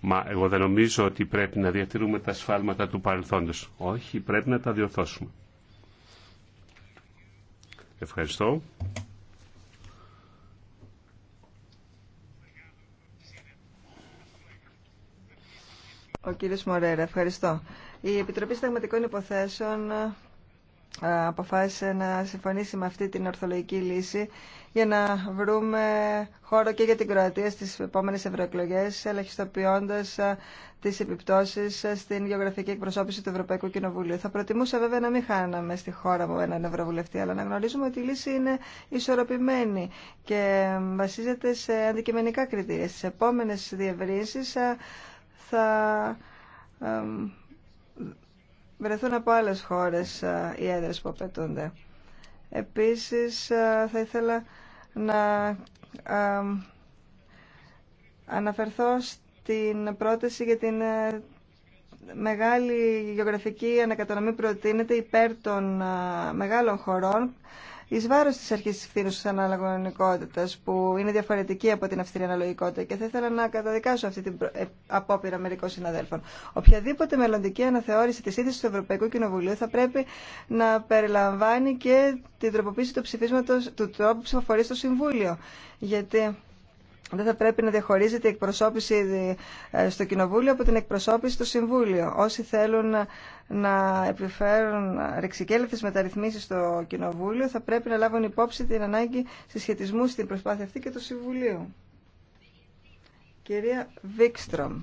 Μα εγώ δεν νομίζω ότι πρέπει να διατηρούμε τα σφάλματα του παρελθόντος. Όχι, πρέπει να τα διορθώσουμε. Ευχαριστώ. Ο κύριος Μορέρα, ευχαριστώ. Η Επιτροπή Σταγματικών Υποθέσεων ε, αποφάσισε να συμφωνήσει με αυτή την ορθολογική λύση για να βρούμε χώρο και για την Κροατία στις επόμενες ευρωεκλογές, ελαχιστοποιώντας ε, τις επιπτώσεις ε, στην γεωγραφική εκπροσώπηση του Ευρωπαϊκού Κοινοβουλίου. Θα προτιμούσα βέβαια να μην χάναμε στη χώρα μου έναν ευρωβουλευτή, αλλά να γνωρίζουμε ότι η λύση είναι ισορροπημένη και βασίζεται σε αντικειμενικά κριτήρια. Στις επόμενες διευρύνσεις θα βρεθούν από άλλες χώρες ε, οι έδρες που απαιτούνται. Επίσης, ε, θα ήθελα να αναφερθώ στην πρόταση για την ε, μεγάλη γεωγραφική ανακατανομή προτείνεται υπέρ των μεγάλων χωρών ει βάρο τη αρχή τη φθήνου τη αναλογικότητα, που είναι διαφορετική από την αυστηρή αναλογικότητα και θα ήθελα να καταδικάσω αυτή την ε, απόπειρα μερικών συναδέλφων. Οποιαδήποτε μελλοντική αναθεώρηση τη ίδιας του Ευρωπαϊκού Κοινοβουλίου θα πρέπει να περιλαμβάνει και την τροποποίηση του, του τρόπου ψηφοφορία στο Συμβούλιο. Γιατί δεν θα πρέπει να διαχωρίζεται η εκπροσώπηση ε, στο Κοινοβούλιο από την εκπροσώπηση στο Συμβούλιο. Όσοι θέλουν να επιφέρουν ρεξικέλευτες μεταρρυθμίσεις στο Κοινοβούλιο θα πρέπει να λάβουν υπόψη την ανάγκη συσχετισμού στην προσπάθεια αυτή και του Συμβουλίου. Κυρία Βίκστρομ,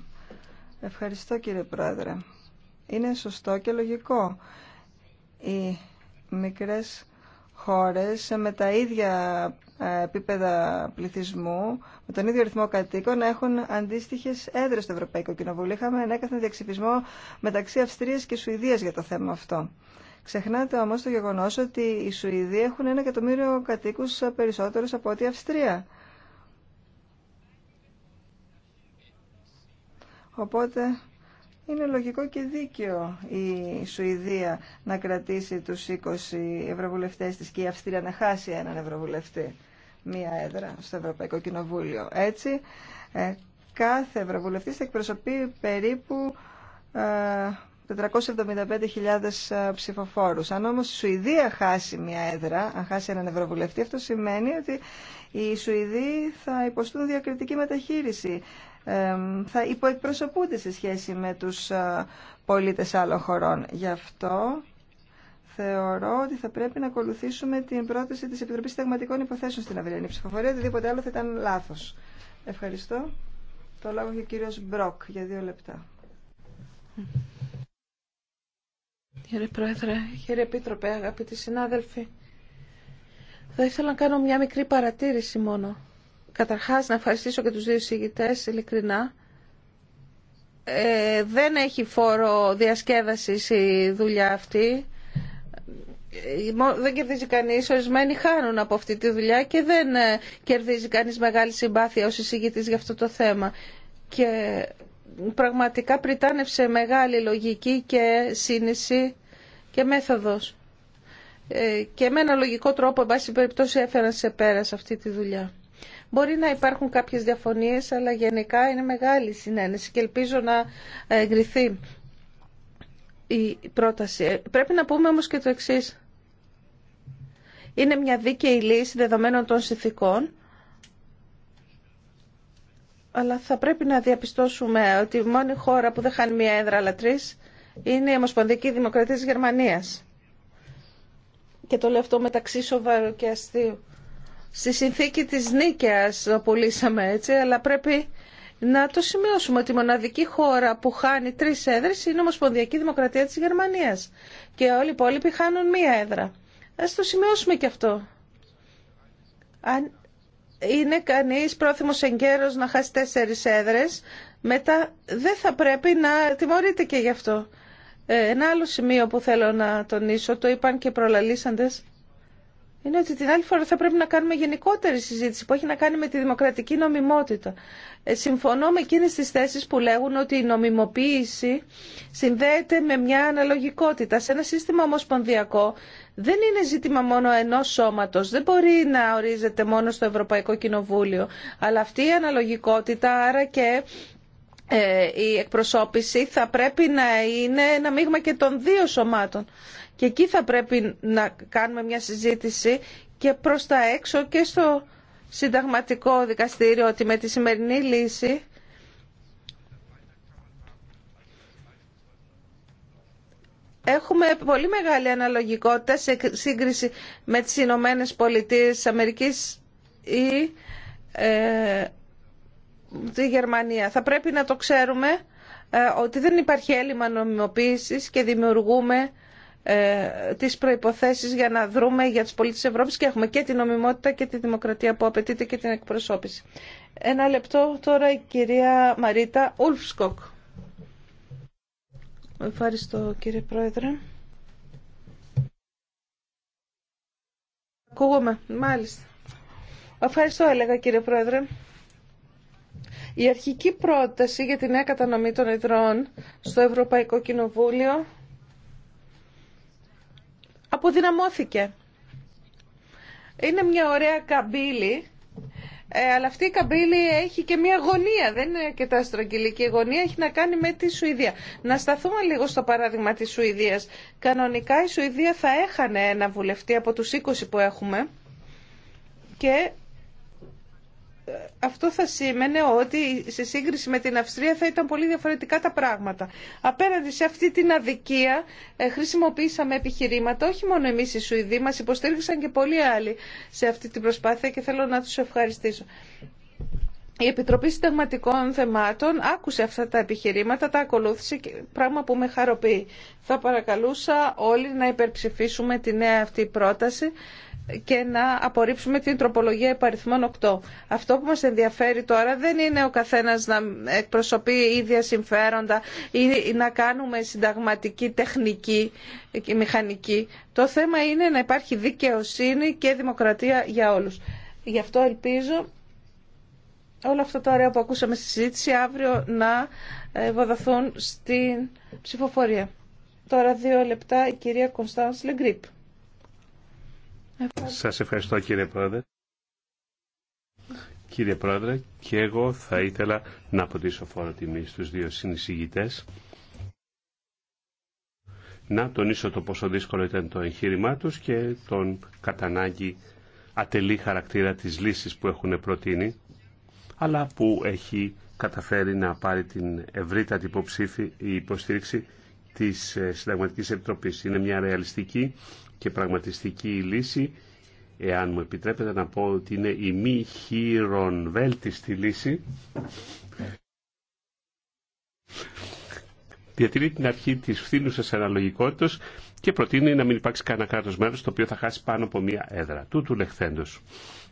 ευχαριστώ κύριε Πρόεδρε. Είναι σωστό και λογικό οι μικρές χώρες με τα ίδια ε, επίπεδα πληθυσμού, με τον ίδιο ρυθμό κατοίκων, να έχουν αντίστοιχες έδρες στο Ευρωπαϊκό Κοινοβούλιο. Είχαμε ανέκαθεν διαξυφισμό μεταξύ Αυστρίας και Σουηδίας για το θέμα αυτό. Ξεχνάτε όμως το γεγονός ότι οι Σουηδοί έχουν ένα εκατομμύριο κατοίκους περισσότερους από ό,τι η Αυστρία. Οπότε είναι λογικό και δίκαιο η Σουηδία να κρατήσει τους 20 ευρωβουλευτές της και η Αυστρία να χάσει έναν ευρωβουλευτή, μία έδρα στο Ευρωπαϊκό Κοινοβούλιο. Έτσι, ε, κάθε ευρωβουλευτής θα εκπροσωπεί περίπου 475.000 ε, ε, ψηφοφόρους. Αν όμως η Σουηδία χάσει μια έδρα, αν χάσει έναν ευρωβουλευτή, αυτό σημαίνει ότι οι Σουηδοί θα υποστούν διακριτική μεταχείριση θα υποεκπροσωπούνται σε σχέση με τους ε, πολίτες άλλων χωρών. Γι' αυτό θεωρώ ότι θα πρέπει να ακολουθήσουμε την πρόταση της Επιτροπής Συνταγματικών Υποθέσεων στην αυριανή ψηφοφορία. Οτιδήποτε άλλο θα ήταν λάθος. Ευχαριστώ. Το λόγο έχει ο κύριος Μπροκ για δύο λεπτά. Κύριε Πρόεδρε, κύριε Επίτροπε, αγαπητοί συνάδελφοι, θα ήθελα να κάνω μια μικρή παρατήρηση μόνο καταρχάς να ευχαριστήσω και τους δύο συγητές ειλικρινά. Ε, δεν έχει φόρο διασκέδασης η δουλειά αυτή. Ε, δεν κερδίζει κανείς, ορισμένοι χάνουν από αυτή τη δουλειά και δεν ε, κερδίζει κανείς μεγάλη συμπάθεια ως εισηγητής για αυτό το θέμα. Και πραγματικά πριτάνευσε μεγάλη λογική και σύνηση και μέθοδος. Ε, και με ένα λογικό τρόπο, εν πάση περιπτώσει, έφεραν σε πέρα σε αυτή τη δουλειά. Μπορεί να υπάρχουν κάποιες διαφωνίες, αλλά γενικά είναι μεγάλη συνένεση και ελπίζω να εγκριθεί η πρόταση. Πρέπει να πούμε όμως και το εξής. Είναι μια δίκαιη λύση δεδομένων των συνθηκών, αλλά θα πρέπει να διαπιστώσουμε ότι η μόνη χώρα που δεν χάνει μία έδρα αλλά είναι η Ομοσπονδική Δημοκρατία της Γερμανίας. Και το λέω αυτό μεταξύ σοβαρού και αστείου. Στη συνθήκη της νίκαιας το πουλήσαμε έτσι, αλλά πρέπει να το σημειώσουμε ότι η μοναδική χώρα που χάνει τρεις έδρες είναι η Ομοσπονδιακή Δημοκρατία της Γερμανίας και όλοι οι υπόλοιποι χάνουν μία έδρα. Ας το σημειώσουμε και αυτό. Αν είναι κανείς πρόθυμος εγκαίρος να χάσει τέσσερις έδρες, μετά δεν θα πρέπει να τιμωρείται και γι' αυτό. Ε, ένα άλλο σημείο που θέλω να τονίσω, το είπαν και προλαλήσαντες, είναι ότι την άλλη φορά θα πρέπει να κάνουμε γενικότερη συζήτηση που έχει να κάνει με τη δημοκρατική νομιμότητα. Ε, συμφωνώ με εκείνε τις θέσεις που λέγουν ότι η νομιμοποίηση συνδέεται με μια αναλογικότητα. Σε ένα σύστημα ομοσπονδιακό δεν είναι ζήτημα μόνο ενός σώματος. Δεν μπορεί να ορίζεται μόνο στο Ευρωπαϊκό Κοινοβούλιο. Αλλά αυτή η αναλογικότητα, άρα και ε, η εκπροσώπηση θα πρέπει να είναι ένα μείγμα και των δύο σωμάτων. Και εκεί θα πρέπει να κάνουμε μια συζήτηση και προς τα έξω και στο συνταγματικό δικαστήριο ότι με τη σημερινή λύση έχουμε πολύ μεγάλη αναλογικότητα σε σύγκριση με τις Ηνωμένε Πολιτείε της Αμερικής ή ε, τη Γερμανία. Θα πρέπει να το ξέρουμε ε, ότι δεν υπάρχει έλλειμμα νομιμοποίησης και δημιουργούμε ε, τις προϋποθέσεις για να δρούμε για τις πολίτες της Ευρώπης και έχουμε και την νομιμότητα και τη δημοκρατία που απαιτείται και την εκπροσώπηση. Ένα λεπτό τώρα η κυρία Μαρίτα Ουλφσκοκ. Ευχαριστώ κύριε Πρόεδρε. Ακούγομαι, μάλιστα. Ευχαριστώ έλεγα κύριε Πρόεδρε. Η αρχική πρόταση για την νέα κατανομή των ιδρών στο Ευρωπαϊκό Κοινοβούλιο αποδυναμώθηκε. Είναι μια ωραία καμπύλη, ε, αλλά αυτή η καμπύλη έχει και μια γωνία, δεν είναι και τα στρογγυλική γωνία, έχει να κάνει με τη Σουηδία. Να σταθούμε λίγο στο παράδειγμα της Σουηδίας. Κανονικά η Σουηδία θα έχανε ένα βουλευτή από τους 20 που έχουμε και αυτό θα σήμαινε ότι σε σύγκριση με την Αυστρία θα ήταν πολύ διαφορετικά τα πράγματα. Απέναντι σε αυτή την αδικία ε, χρησιμοποίησαμε επιχειρήματα, όχι μόνο εμείς οι Σουηδοί, μας υποστήριξαν και πολλοί άλλοι σε αυτή την προσπάθεια και θέλω να τους ευχαριστήσω η Επιτροπή Συνταγματικών Θεμάτων άκουσε αυτά τα επιχειρήματα, τα ακολούθησε, πράγμα που με χαροποιεί. Θα παρακαλούσα όλοι να υπερψηφίσουμε τη νέα αυτή πρόταση και να απορρίψουμε την τροπολογία υπαριθμών 8. Αυτό που μας ενδιαφέρει τώρα δεν είναι ο καθένας να εκπροσωπεί ίδια συμφέροντα ή να κάνουμε συνταγματική τεχνική και ε, μηχανική. Το θέμα είναι να υπάρχει δικαιοσύνη και δημοκρατία για όλους. Γι' αυτό ελπίζω όλα αυτά τα ωραία που ακούσαμε στη συζήτηση αύριο να ε, βοηθούν στην ψηφοφορία. Τώρα δύο λεπτά η κυρία Κωνσταντς Λεγκρίπ. Σας ευχαριστώ κύριε Πρόεδρε. Κύριε Πρόεδρε, και εγώ θα ήθελα να αποτίσω φόρο τιμή στους δύο συνεισηγητές. Να τονίσω το πόσο δύσκολο ήταν το εγχείρημά τους και τον κατανάγκη ατελή χαρακτήρα της λύσης που έχουν προτείνει αλλά που έχει καταφέρει να πάρει την ευρύτατη υποψήφι, η υποστήριξη της ε, Συνταγματικής Επιτροπής. Είναι μια ρεαλιστική και πραγματιστική λύση, εάν μου επιτρέπετε να πω ότι είναι η μη βέλτιστη λύση. Διατηρεί την αρχή της φθήνουσας αναλογικότητας και προτείνει να μην υπάρξει κανένα κράτος μέλος το οποίο θα χάσει πάνω από μία έδρα. Τούτου λεχθέντος.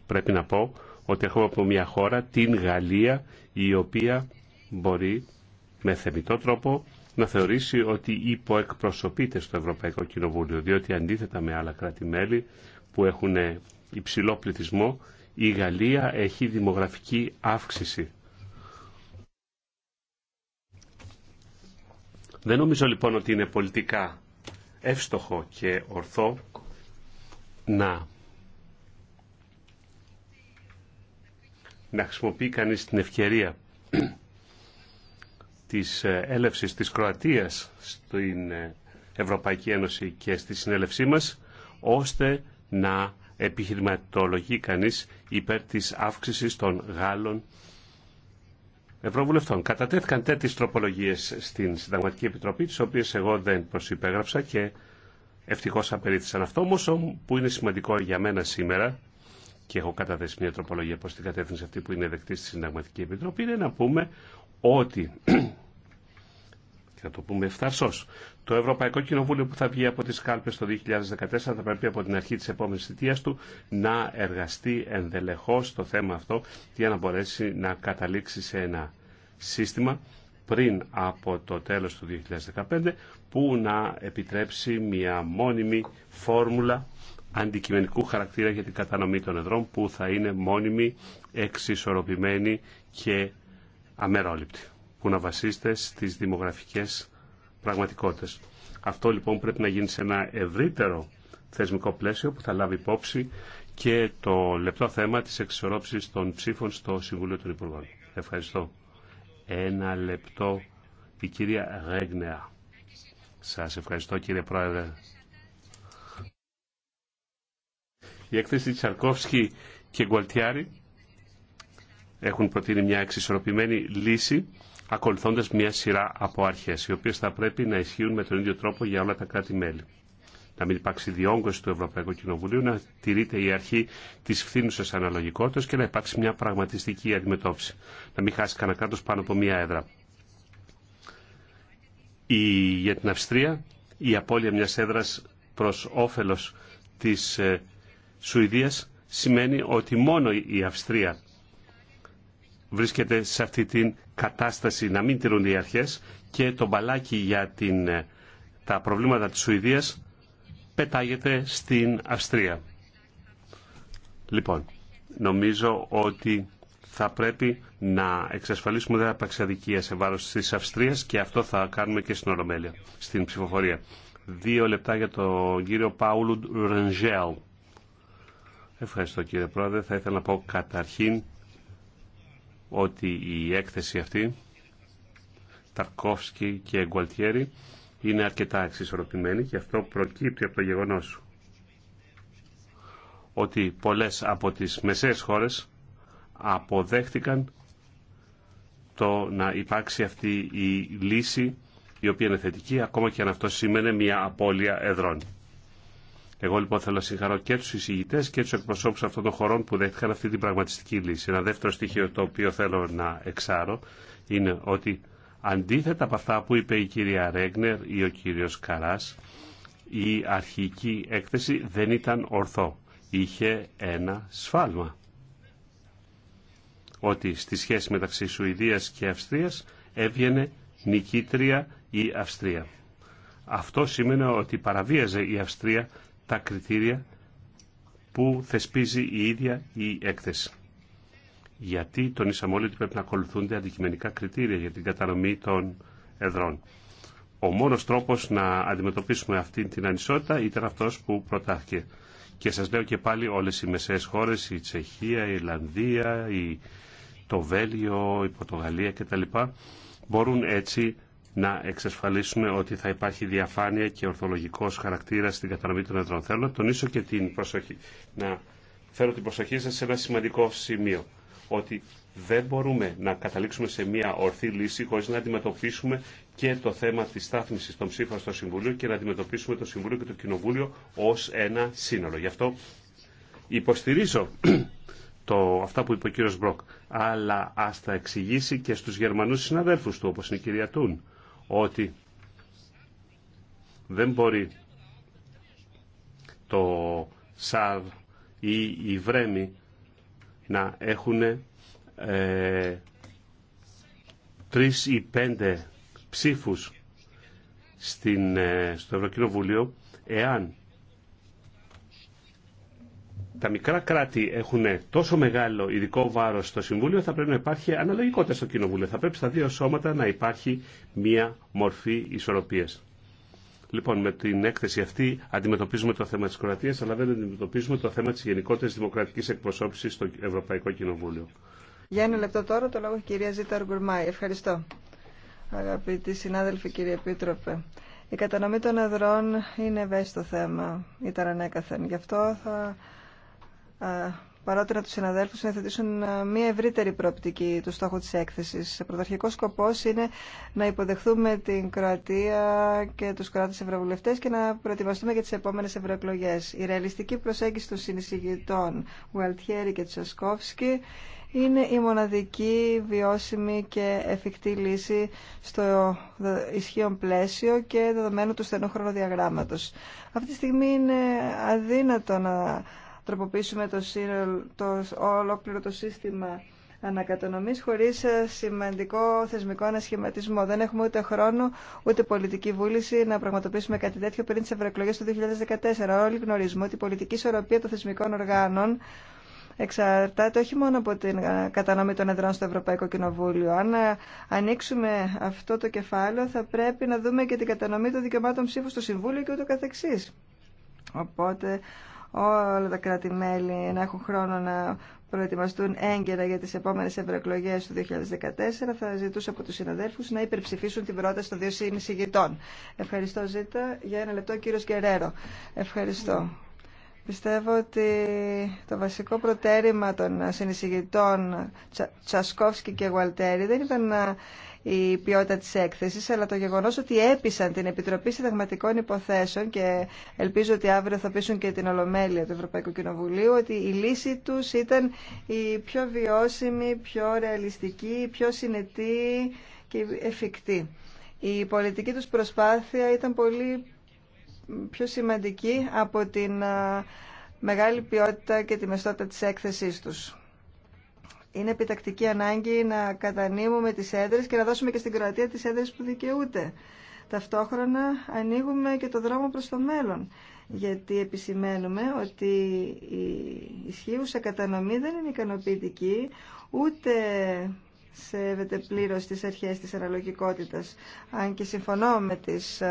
Πρέπει να πω ότι έχουμε από μια χώρα, την Γαλλία, η οποία μπορεί με θεμητό τρόπο να θεωρήσει ότι υποεκπροσωπείται στο Ευρωπαϊκό Κοινοβούλιο, διότι αντίθετα με άλλα κράτη-μέλη που έχουν υψηλό πληθυσμό, η Γαλλία έχει δημογραφική αύξηση. Δεν νομίζω λοιπόν ότι είναι πολιτικά εύστοχο και ορθό να να χρησιμοποιεί κανείς την ευκαιρία της ε, έλευσης της Κροατίας στην ε, Ευρωπαϊκή Ένωση και στη συνέλευσή μας, ώστε να επιχειρηματολογεί κανείς υπέρ της αύξησης των Γάλλων Ευρωβουλευτών. Κατατέθηκαν τέτοιες τροπολογίες στην Συνταγματική Επιτροπή, τις οποίες εγώ δεν προσυπέγραψα και ευτυχώς απερίθησαν αυτό όμως που είναι σημαντικό για μένα σήμερα και έχω καταθέσει μια τροπολογία προ την κατεύθυνση αυτή που είναι δεκτή στη Συνταγματική Επιτροπή, είναι να πούμε ότι, και θα το πούμε ευθαρσώ. το Ευρωπαϊκό Κοινοβούλιο που θα βγει από τις κάλπες το 2014 θα πρέπει από την αρχή της επόμενης θητείας του να εργαστεί ενδελεχώς το θέμα αυτό για να μπορέσει να καταλήξει σε ένα σύστημα πριν από το τέλος του 2015 που να επιτρέψει μια μόνιμη φόρμουλα αντικειμενικού χαρακτήρα για την κατανομή των εδρών που θα είναι μόνιμη, εξισορροπημένη και αμερόληπτη, που να βασίστε στις δημογραφικές πραγματικότητες. Αυτό λοιπόν πρέπει να γίνει σε ένα ευρύτερο θεσμικό πλαίσιο που θα λάβει υπόψη και το λεπτό θέμα της εξισορρόψης των ψήφων στο Συμβούλιο των Υπουργών. Ευχαριστώ. Ένα λεπτό η κυρία Ρέγνεα. Σας ευχαριστώ κύριε Πρόεδρε Η έκθεση Τσαρκόφσκι και Γκουαλτιάρη έχουν προτείνει μια εξισορροπημένη λύση ακολουθώντας μια σειρά από αρχές, οι οποίες θα πρέπει να ισχύουν με τον ίδιο τρόπο για όλα τα κράτη-μέλη. Να μην υπάρξει διόγκωση του Ευρωπαϊκού Κοινοβουλίου, να τηρείται η αρχή τη φθήνουσα αναλογικότητα και να υπάρξει μια πραγματιστική αντιμετώπιση. Να μην χάσει κανένα κράτο πάνω από μια έδρα. Η, για την Αυστρία, η απώλεια μια έδρα προ όφελο Σουηδίας σημαίνει ότι μόνο η Αυστρία βρίσκεται σε αυτή την κατάσταση να μην τηρούν οι αρχές και το μπαλάκι για την, ε, τα προβλήματα της Σουηδίας πετάγεται στην Αυστρία. Λοιπόν, νομίζω ότι θα πρέπει να εξασφαλίσουμε δεν απαξιαδικία σε βάρος της Αυστρίας και αυτό θα κάνουμε και στην Ορομέλεια, στην ψηφοφορία. Δύο λεπτά για τον κύριο Πάουλου Ρενζέλ. Ευχαριστώ κύριε Πρόεδρε. Θα ήθελα να πω καταρχήν ότι η έκθεση αυτή, Ταρκόφσκι και Γκουαλτιέρη, είναι αρκετά εξισορροπημένη και αυτό προκύπτει από το γεγονός ότι πολλές από τις μεσαίες χώρες αποδέχτηκαν το να υπάρξει αυτή η λύση η οποία είναι θετική ακόμα και αν αυτό σημαίνει μια απώλεια εδρών. Εγώ λοιπόν θέλω να συγχαρώ και του εισηγητέ και του εκπροσώπου αυτών των χωρών που δέχτηκαν αυτή την πραγματιστική λύση. Ένα δεύτερο στοιχείο το οποίο θέλω να εξάρω είναι ότι αντίθετα από αυτά που είπε η κυρία Ρέγνερ ή ο κύριος Καράς, η αρχική έκθεση δεν ήταν ορθό. Είχε ένα σφάλμα. Ότι στη σχέση μεταξύ Σουηδία και Αυστρία έβγαινε νικίτρια η Αυστρία. Αυτό σήμαινε ότι παραβίαζε η αυστρια αυτο σημαινει οτι παραβιαζε η αυστρια τα κριτήρια που θεσπίζει η ίδια η έκθεση. Γιατί τονίσαμε όλοι ότι πρέπει να ακολουθούνται αντικειμενικά κριτήρια για την κατανομή των εδρών. Ο μόνος τρόπος να αντιμετωπίσουμε αυτή την ανισότητα ήταν αυτός που προτάθηκε. Και σας λέω και πάλι όλες οι μεσαίες χώρες, η Τσεχία, η Ιρλανδία, η... το Βέλγιο, η Πορτογαλία κτλ. μπορούν έτσι να εξασφαλίσουμε ότι θα υπάρχει διαφάνεια και ορθολογικός χαρακτήρας στην κατανομή των εδρών. Θέλω να τονίσω και την προσοχή, να φέρω την προσοχή σας σε ένα σημαντικό σημείο, ότι δεν μπορούμε να καταλήξουμε σε μια ορθή λύση χωρίς να αντιμετωπίσουμε και το θέμα της στάθμισης των ψήφων στο Συμβούλιο και να αντιμετωπίσουμε το Συμβούλιο και το Κοινοβούλιο ως ένα σύνολο. Γι' αυτό υποστηρίζω το, αυτά που είπε ο κύριος Μπροκ, αλλά α τα εξηγήσει και στου γερμανού συναδέλφου, του, όπως είναι η κυρία Τούν ότι δεν μπορεί το ΣΑΒ ή η βρεμη να έχουν ε, τρεις ή πέντε ψήφους στην, ε, στο Ευρωκοινοβουλίο εάν τα μικρά κράτη έχουν τόσο μεγάλο ειδικό βάρος στο Συμβούλιο, θα πρέπει να υπάρχει αναλογικότητα στο Κοινοβούλιο. Θα πρέπει στα δύο σώματα να υπάρχει μία μορφή ισορροπίας. Λοιπόν, με την έκθεση αυτή αντιμετωπίζουμε το θέμα της Κροατίας, αλλά δεν αντιμετωπίζουμε το θέμα της γενικότερης δημοκρατικής εκπροσώπησης στο Ευρωπαϊκό Κοινοβούλιο. Για ένα λεπτό τώρα το λόγο κυρία Ζήτα Ρουγκουρμάη. Ευχαριστώ. Αγαπητοί συνάδελφοι, κύριε Επίτροπε. Η κατανομή των εδρών είναι ευαίσθητο θέμα. Ήταν ανέκαθεν. Γι' αυτό θα ε, παρότρινα τους συναδέλφους να θετήσουν ε, μια ευρύτερη προοπτική του στόχου της έκθεσης. Ο πρωταρχικός σκοπός είναι να υποδεχθούμε την Κροατία και τους κράτου Ευρωβουλευτές και να προετοιμαστούμε για τις επόμενες ευρωεκλογέ. Η ρεαλιστική προσέγγιση των συνεισηγητών Γουαλτιέρη και Τσασκόφσκι είναι η μοναδική βιώσιμη και εφικτή λύση στο ισχύον πλαίσιο και δεδομένου του στενού χρονοδιαγράμματος. Αυτή τη στιγμή είναι αδύνατο να τροποποιήσουμε το, το ολόκληρο το σύστημα ανακατανομής χωρίς ε, σημαντικό θεσμικό ανασχηματισμό. Δεν έχουμε ούτε χρόνο, ούτε πολιτική βούληση να πραγματοποιήσουμε κάτι τέτοιο πριν τις ευρωεκλογές του 2014. Όλοι γνωρίζουμε ότι η πολιτική ισορροπία των θεσμικών οργάνων εξαρτάται όχι μόνο από την ε, κατανομή των εδρών στο Ευρωπαϊκό Κοινοβούλιο. Αν ε, ανοίξουμε αυτό το κεφάλαιο θα πρέπει να δούμε και την κατανομή των δικαιωμάτων ψήφου στο Συμβούλιο και ούτω καθεξής. Οπότε όλα τα κράτη-μέλη να έχουν χρόνο να προετοιμαστούν έγκαιρα για τις επόμενες ευρωεκλογέ του 2014, θα ζητούσα από τους συναδέλφους να υπερψηφίσουν την πρόταση των δύο συνεισηγητών. Ευχαριστώ, Ζήτα. Για ένα λεπτό, κύριος Γκερέρο. Ευχαριστώ. Πιστεύω ότι το βασικό προτέρημα των συνεισηγητών Τσασκόφσκι και Γουαλτέρη δεν ήταν να η ποιότητα της έκθεσης, αλλά το γεγονός ότι έπεισαν την Επιτροπή Συνταγματικών Υποθέσεων και ελπίζω ότι αύριο θα πείσουν και την Ολομέλεια του Ευρωπαϊκού Κοινοβουλίου ότι η λύση τους ήταν η πιο βιώσιμη, πιο ρεαλιστική, πιο συνετή και εφικτή. Η πολιτική τους προσπάθεια ήταν πολύ πιο σημαντική από την μεγάλη ποιότητα και τη μεστότητα της έκθεσής τους είναι επιτακτική ανάγκη να κατανείμουμε τις έδρες και να δώσουμε και στην Κροατία τις έδρες που δικαιούται. Ταυτόχρονα ανοίγουμε και το δρόμο προς το μέλλον, γιατί επισημαίνουμε ότι η ισχύουσα κατανομή δεν είναι ικανοποιητική, ούτε σέβεται πλήρως τις αρχές της αναλογικότητας. Αν και συμφωνώ με τις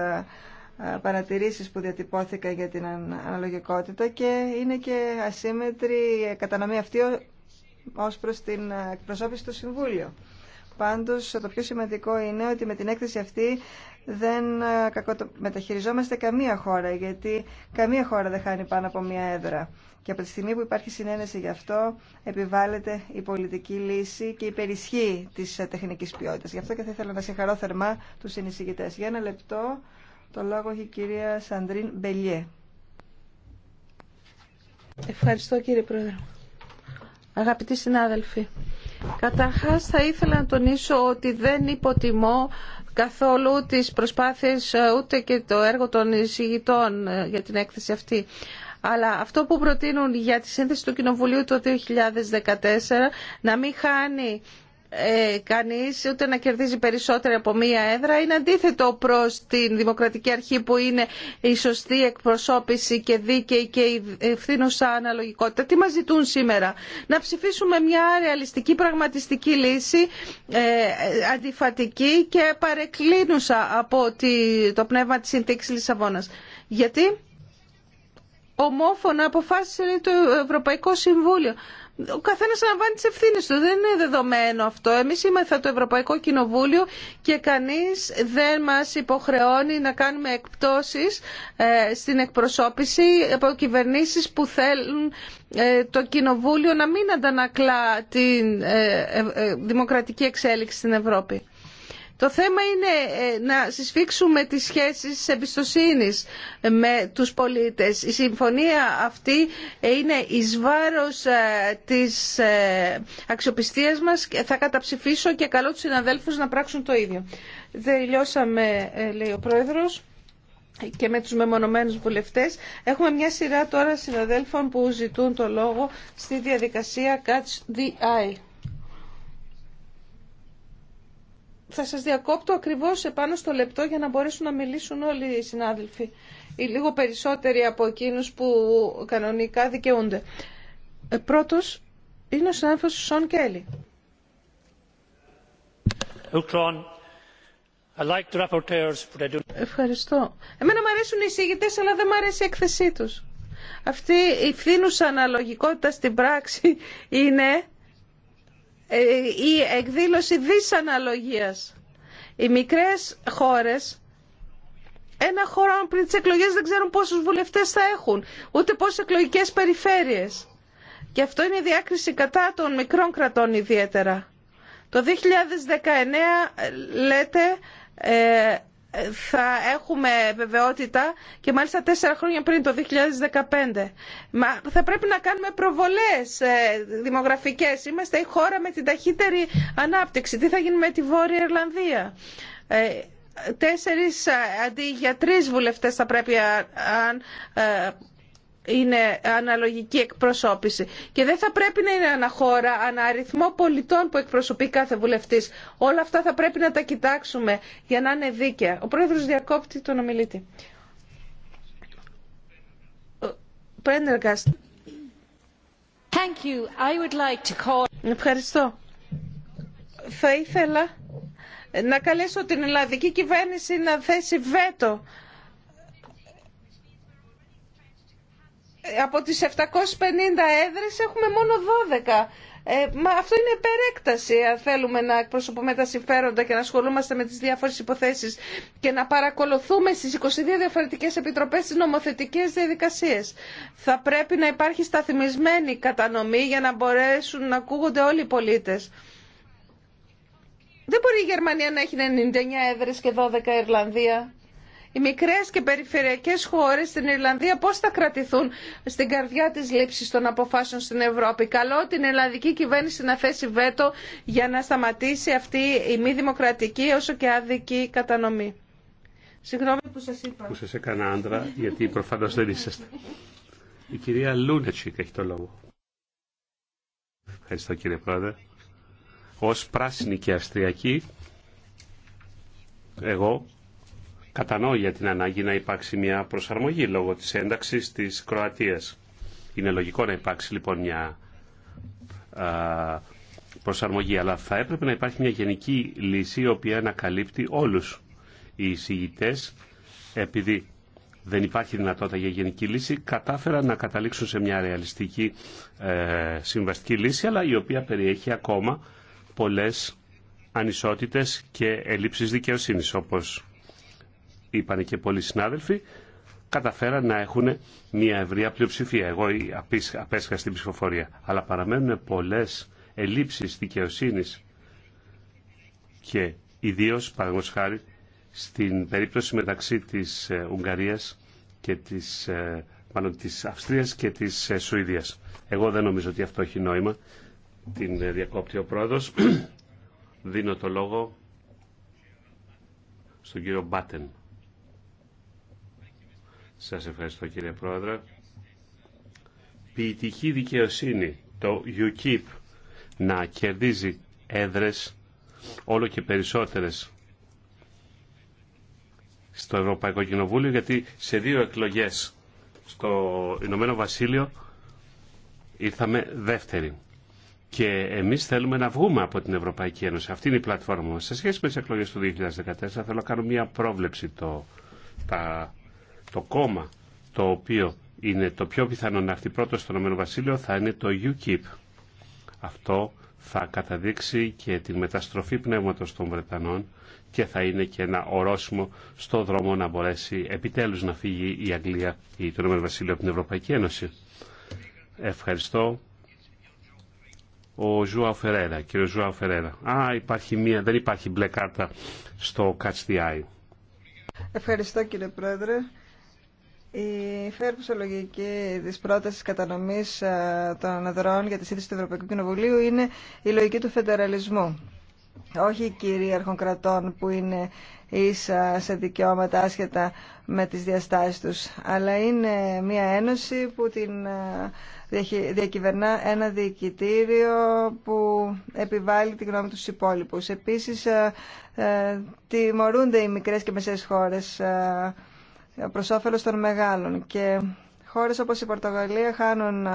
παρατηρήσεις που διατυπώθηκα για την αναλογικότητα και είναι και ασύμετρη κατανομή αυτή ως προς την ε, εκπροσώπηση του Συμβούλιο. Πάντως το πιο σημαντικό είναι ότι με την έκθεση αυτή δεν ε, μεταχειριζόμαστε καμία χώρα, γιατί καμία χώρα δεν χάνει πάνω από μία έδρα. Και από τη στιγμή που υπάρχει συνένεση γι' αυτό, επιβάλλεται η πολιτική λύση και η περισχή της ε, τεχνικής ποιότητας. Γι' αυτό και θα ήθελα να συγχαρώ θερμά τους συνεισηγητές. Για ένα λεπτό, το λόγο έχει η κυρία Σαντρίν Μπελιέ. Ευχαριστώ κύριε Πρόεδρε. Αγαπητοί συνάδελφοι, καταρχάς θα ήθελα να τονίσω ότι δεν υποτιμώ καθόλου τις προσπάθειες ε, ούτε και το έργο των εισηγητών ε, για την έκθεση αυτή. Αλλά αυτό που προτείνουν για τη σύνθεση του Κοινοβουλίου το 2014 να μην χάνει ε, κανείς ούτε να κερδίζει περισσότερα από μία έδρα είναι αντίθετο προς την δημοκρατική αρχή που είναι η σωστή εκπροσώπηση και δίκαιη και η ευθύνουσα αναλογικότητα. Τι μας ζητούν σήμερα. Να ψηφίσουμε μια ρεαλιστική πραγματιστική λύση ε, αντιφατική και παρεκκλίνουσα από το πνεύμα της συνθήκης Λισαβόνας. Γιατί ομόφωνα αποφάσισε το Ευρωπαϊκό Συμβούλιο ο καθένα αναβάνει τι ευθύνε του. Δεν είναι δεδομένο αυτό. Εμεί είμαστε το Ευρωπαϊκό Κοινοβούλιο και κανεί δεν μα υποχρεώνει να κάνουμε εκπτώσει ε, στην εκπροσώπηση από κυβερνήσει που θέλουν ε, το Κοινοβούλιο να μην αντανακλά τη ε, δημοκρατική εξέλιξη στην Ευρώπη. Το θέμα είναι ε, να συσφίξουμε τις σχέσεις εμπιστοσύνης με τους πολίτες. Η συμφωνία αυτή ε, είναι εις βάρος ε, της αξιοπιστίας μας. Θα καταψηφίσω και καλώ τους συναδέλφους να πράξουν το ίδιο. Τελειώσαμε, λέει ο Πρόεδρος και με τους μεμονωμένους βουλευτές. Έχουμε μια σειρά τώρα συναδέλφων που ζητούν το λόγο στη διαδικασία Catch the Eye. Θα σας διακόπτω ακριβώς επάνω στο λεπτό για να μπορέσουν να μιλήσουν όλοι οι συνάδελφοι ή λίγο περισσότεροι από εκείνους που κανονικά δικαιούνται. Ε, πρώτος είναι ο συνάδελφος Σον Κέλλη. Ευχαριστώ. Εμένα μου αρέσουν οι εισηγητές αλλά δεν μου αρέσει η έκθεσή τους. Αυτή η φθήνουσα αναλογικότητα στην πράξη είναι ε, η εκδήλωση δυσαναλογίας. Οι μικρές χώρες, ένα χώρο πριν τις εκλογές δεν ξέρουν πόσους βουλευτές θα έχουν, ούτε πόσες εκλογικές περιφέρειες. Και αυτό είναι η διάκριση κατά των μικρών κρατών ιδιαίτερα. Το 2019 ε, λέτε ε, ε, θα έχουμε βεβαιότητα και μάλιστα τέσσερα χρόνια πριν το 2015. Μα θα πρέπει να κάνουμε προβολές ε, δημογραφικές. Είμαστε η χώρα με την ταχύτερη ανάπτυξη. Τι θα γίνει με τη Βόρεια Ιρλανδία. Ε, τέσσερις αντί για τρεις βουλευτές θα πρέπει αν είναι αναλογική εκπροσώπηση. Και δεν θα πρέπει να είναι αναχώρα, ανά αριθμό πολιτών που εκπροσωπεί κάθε βουλευτής. Όλα αυτά θα πρέπει να τα κοιτάξουμε για να είναι δίκαια. Ο πρόεδρος διακόπτει τον ομιλήτη. Thank you. I would like to call... Ευχαριστώ. Θα ήθελα να καλέσω την ελλαδική κυβέρνηση να θέσει βέτο Ε, από τις 750 έδρες έχουμε μόνο 12. Ε, αυτό είναι υπερέκταση αν θέλουμε να εκπροσωπούμε τα συμφέροντα και να ασχολούμαστε με τις διάφορες υποθέσεις και να παρακολουθούμε στις 22 διαφορετικές επιτροπές τις νομοθετικές διαδικασίες. Θα πρέπει να υπάρχει σταθμισμένη κατανομή για να μπορέσουν να ακούγονται όλοι οι πολίτες. Δεν μπορεί η Γερμανία να έχει 99 έδρες και 12 Ιρλανδία οι μικρές και περιφερειακές χώρες στην Ιρλανδία πώς θα κρατηθούν στην καρδιά της λήψης των αποφάσεων στην Ευρώπη. Καλό την ελλαδική κυβέρνηση να θέσει βέτο για να σταματήσει αυτή η μη δημοκρατική όσο και άδικη κατανομή. Συγγνώμη που σας είπα. Που σας έκανα άντρα, γιατί προφανώς δεν είσαστε. Η κυρία Λούνετσικ έχει το λόγο. Ευχαριστώ κύριε Πρόεδρε. Ως πράσινη και αυστριακή, εγώ κατανοώ για την ανάγκη να υπάρξει μια προσαρμογή λόγω της ένταξης της Κροατίας. Είναι λογικό να υπάρξει λοιπόν μια προσαρμογή, αλλά θα έπρεπε να υπάρχει μια γενική λύση η οποία να καλύπτει όλους οι εισηγητές, επειδή δεν υπάρχει δυνατότητα για γενική λύση, κατάφεραν να καταλήξουν σε μια ρεαλιστική ε, συμβαστική λύση, αλλά η οποία περιέχει ακόμα πολλές ανισότητες και ελλείψεις δικαιοσύνης, όπως είπανε και πολλοί συνάδελφοι, καταφέραν να έχουν μια ευρεία πλειοψηφία. Εγώ απέσχα στην ψηφοφορία. Αλλά παραμένουν πολλές ελλείψει δικαιοσύνη και ιδίως, παραδείγματο χάρη, στην περίπτωση μεταξύ της ε, Ουγγαρίας και της, ε, μάλλον, της Αυστρίας και της ε, Σουηδίας. Εγώ δεν νομίζω ότι αυτό έχει νόημα. Την διακόπτει ο πρόεδρος. Δίνω το λόγο στον κύριο Μπάτεν. Σας ευχαριστώ κύριε Πρόεδρε. Ποιητική δικαιοσύνη, το UKIP, να κερδίζει έδρες όλο και περισσότερες στο Ευρωπαϊκό Κοινοβούλιο γιατί σε δύο εκλογές στο Ηνωμένο Βασίλειο ήρθαμε δεύτεροι. Και εμείς θέλουμε να βγούμε από την Ευρωπαϊκή Ένωση. Αυτή είναι η πλατφόρμα μας. Σε σχέση με τις εκλογές του 2014 θέλω να κάνω μια πρόβλεψη το, τα το κόμμα το οποίο είναι το πιο πιθανό να έρθει πρώτο στον Ηνωμένο Βασίλειο θα είναι το UKIP. Αυτό θα καταδείξει και την μεταστροφή πνεύματος των Βρετανών και θα είναι και ένα ορόσημο στο δρόμο να μπορέσει επιτέλους να φύγει η Αγγλία ή το Ηνωμένο Βασίλειο από την Ευρωπαϊκή Ένωση. Ευχαριστώ. Ο Ζουάου Φερέρα, κύριο Ζουάου Φερέρα. Α, υπάρχει μία, δεν υπάρχει μπλε κάρτα στο Catch the Eye. Ευχαριστώ κύριε Πρόεδρε. Η φέρουσα λογική τη πρόταση κατανομή ε, των αναδρών για τη σύνθεση του Ευρωπαϊκού Κοινοβουλίου είναι η λογική του φεντεραλισμού. Όχι κυρίαρχων κρατών που είναι ίσα σε δικαιώματα άσχετα με τις διαστάσεις τους, αλλά είναι μια ένωση που την ε, διακυβερνά ένα διοικητήριο που επιβάλλει τη γνώμη τους υπόλοιπους. Επίσης, ε, τιμωρούνται οι μικρές και μεσαίες χώρες προς όφελος των μεγάλων και χώρες όπως η Πορτογαλία χάνουν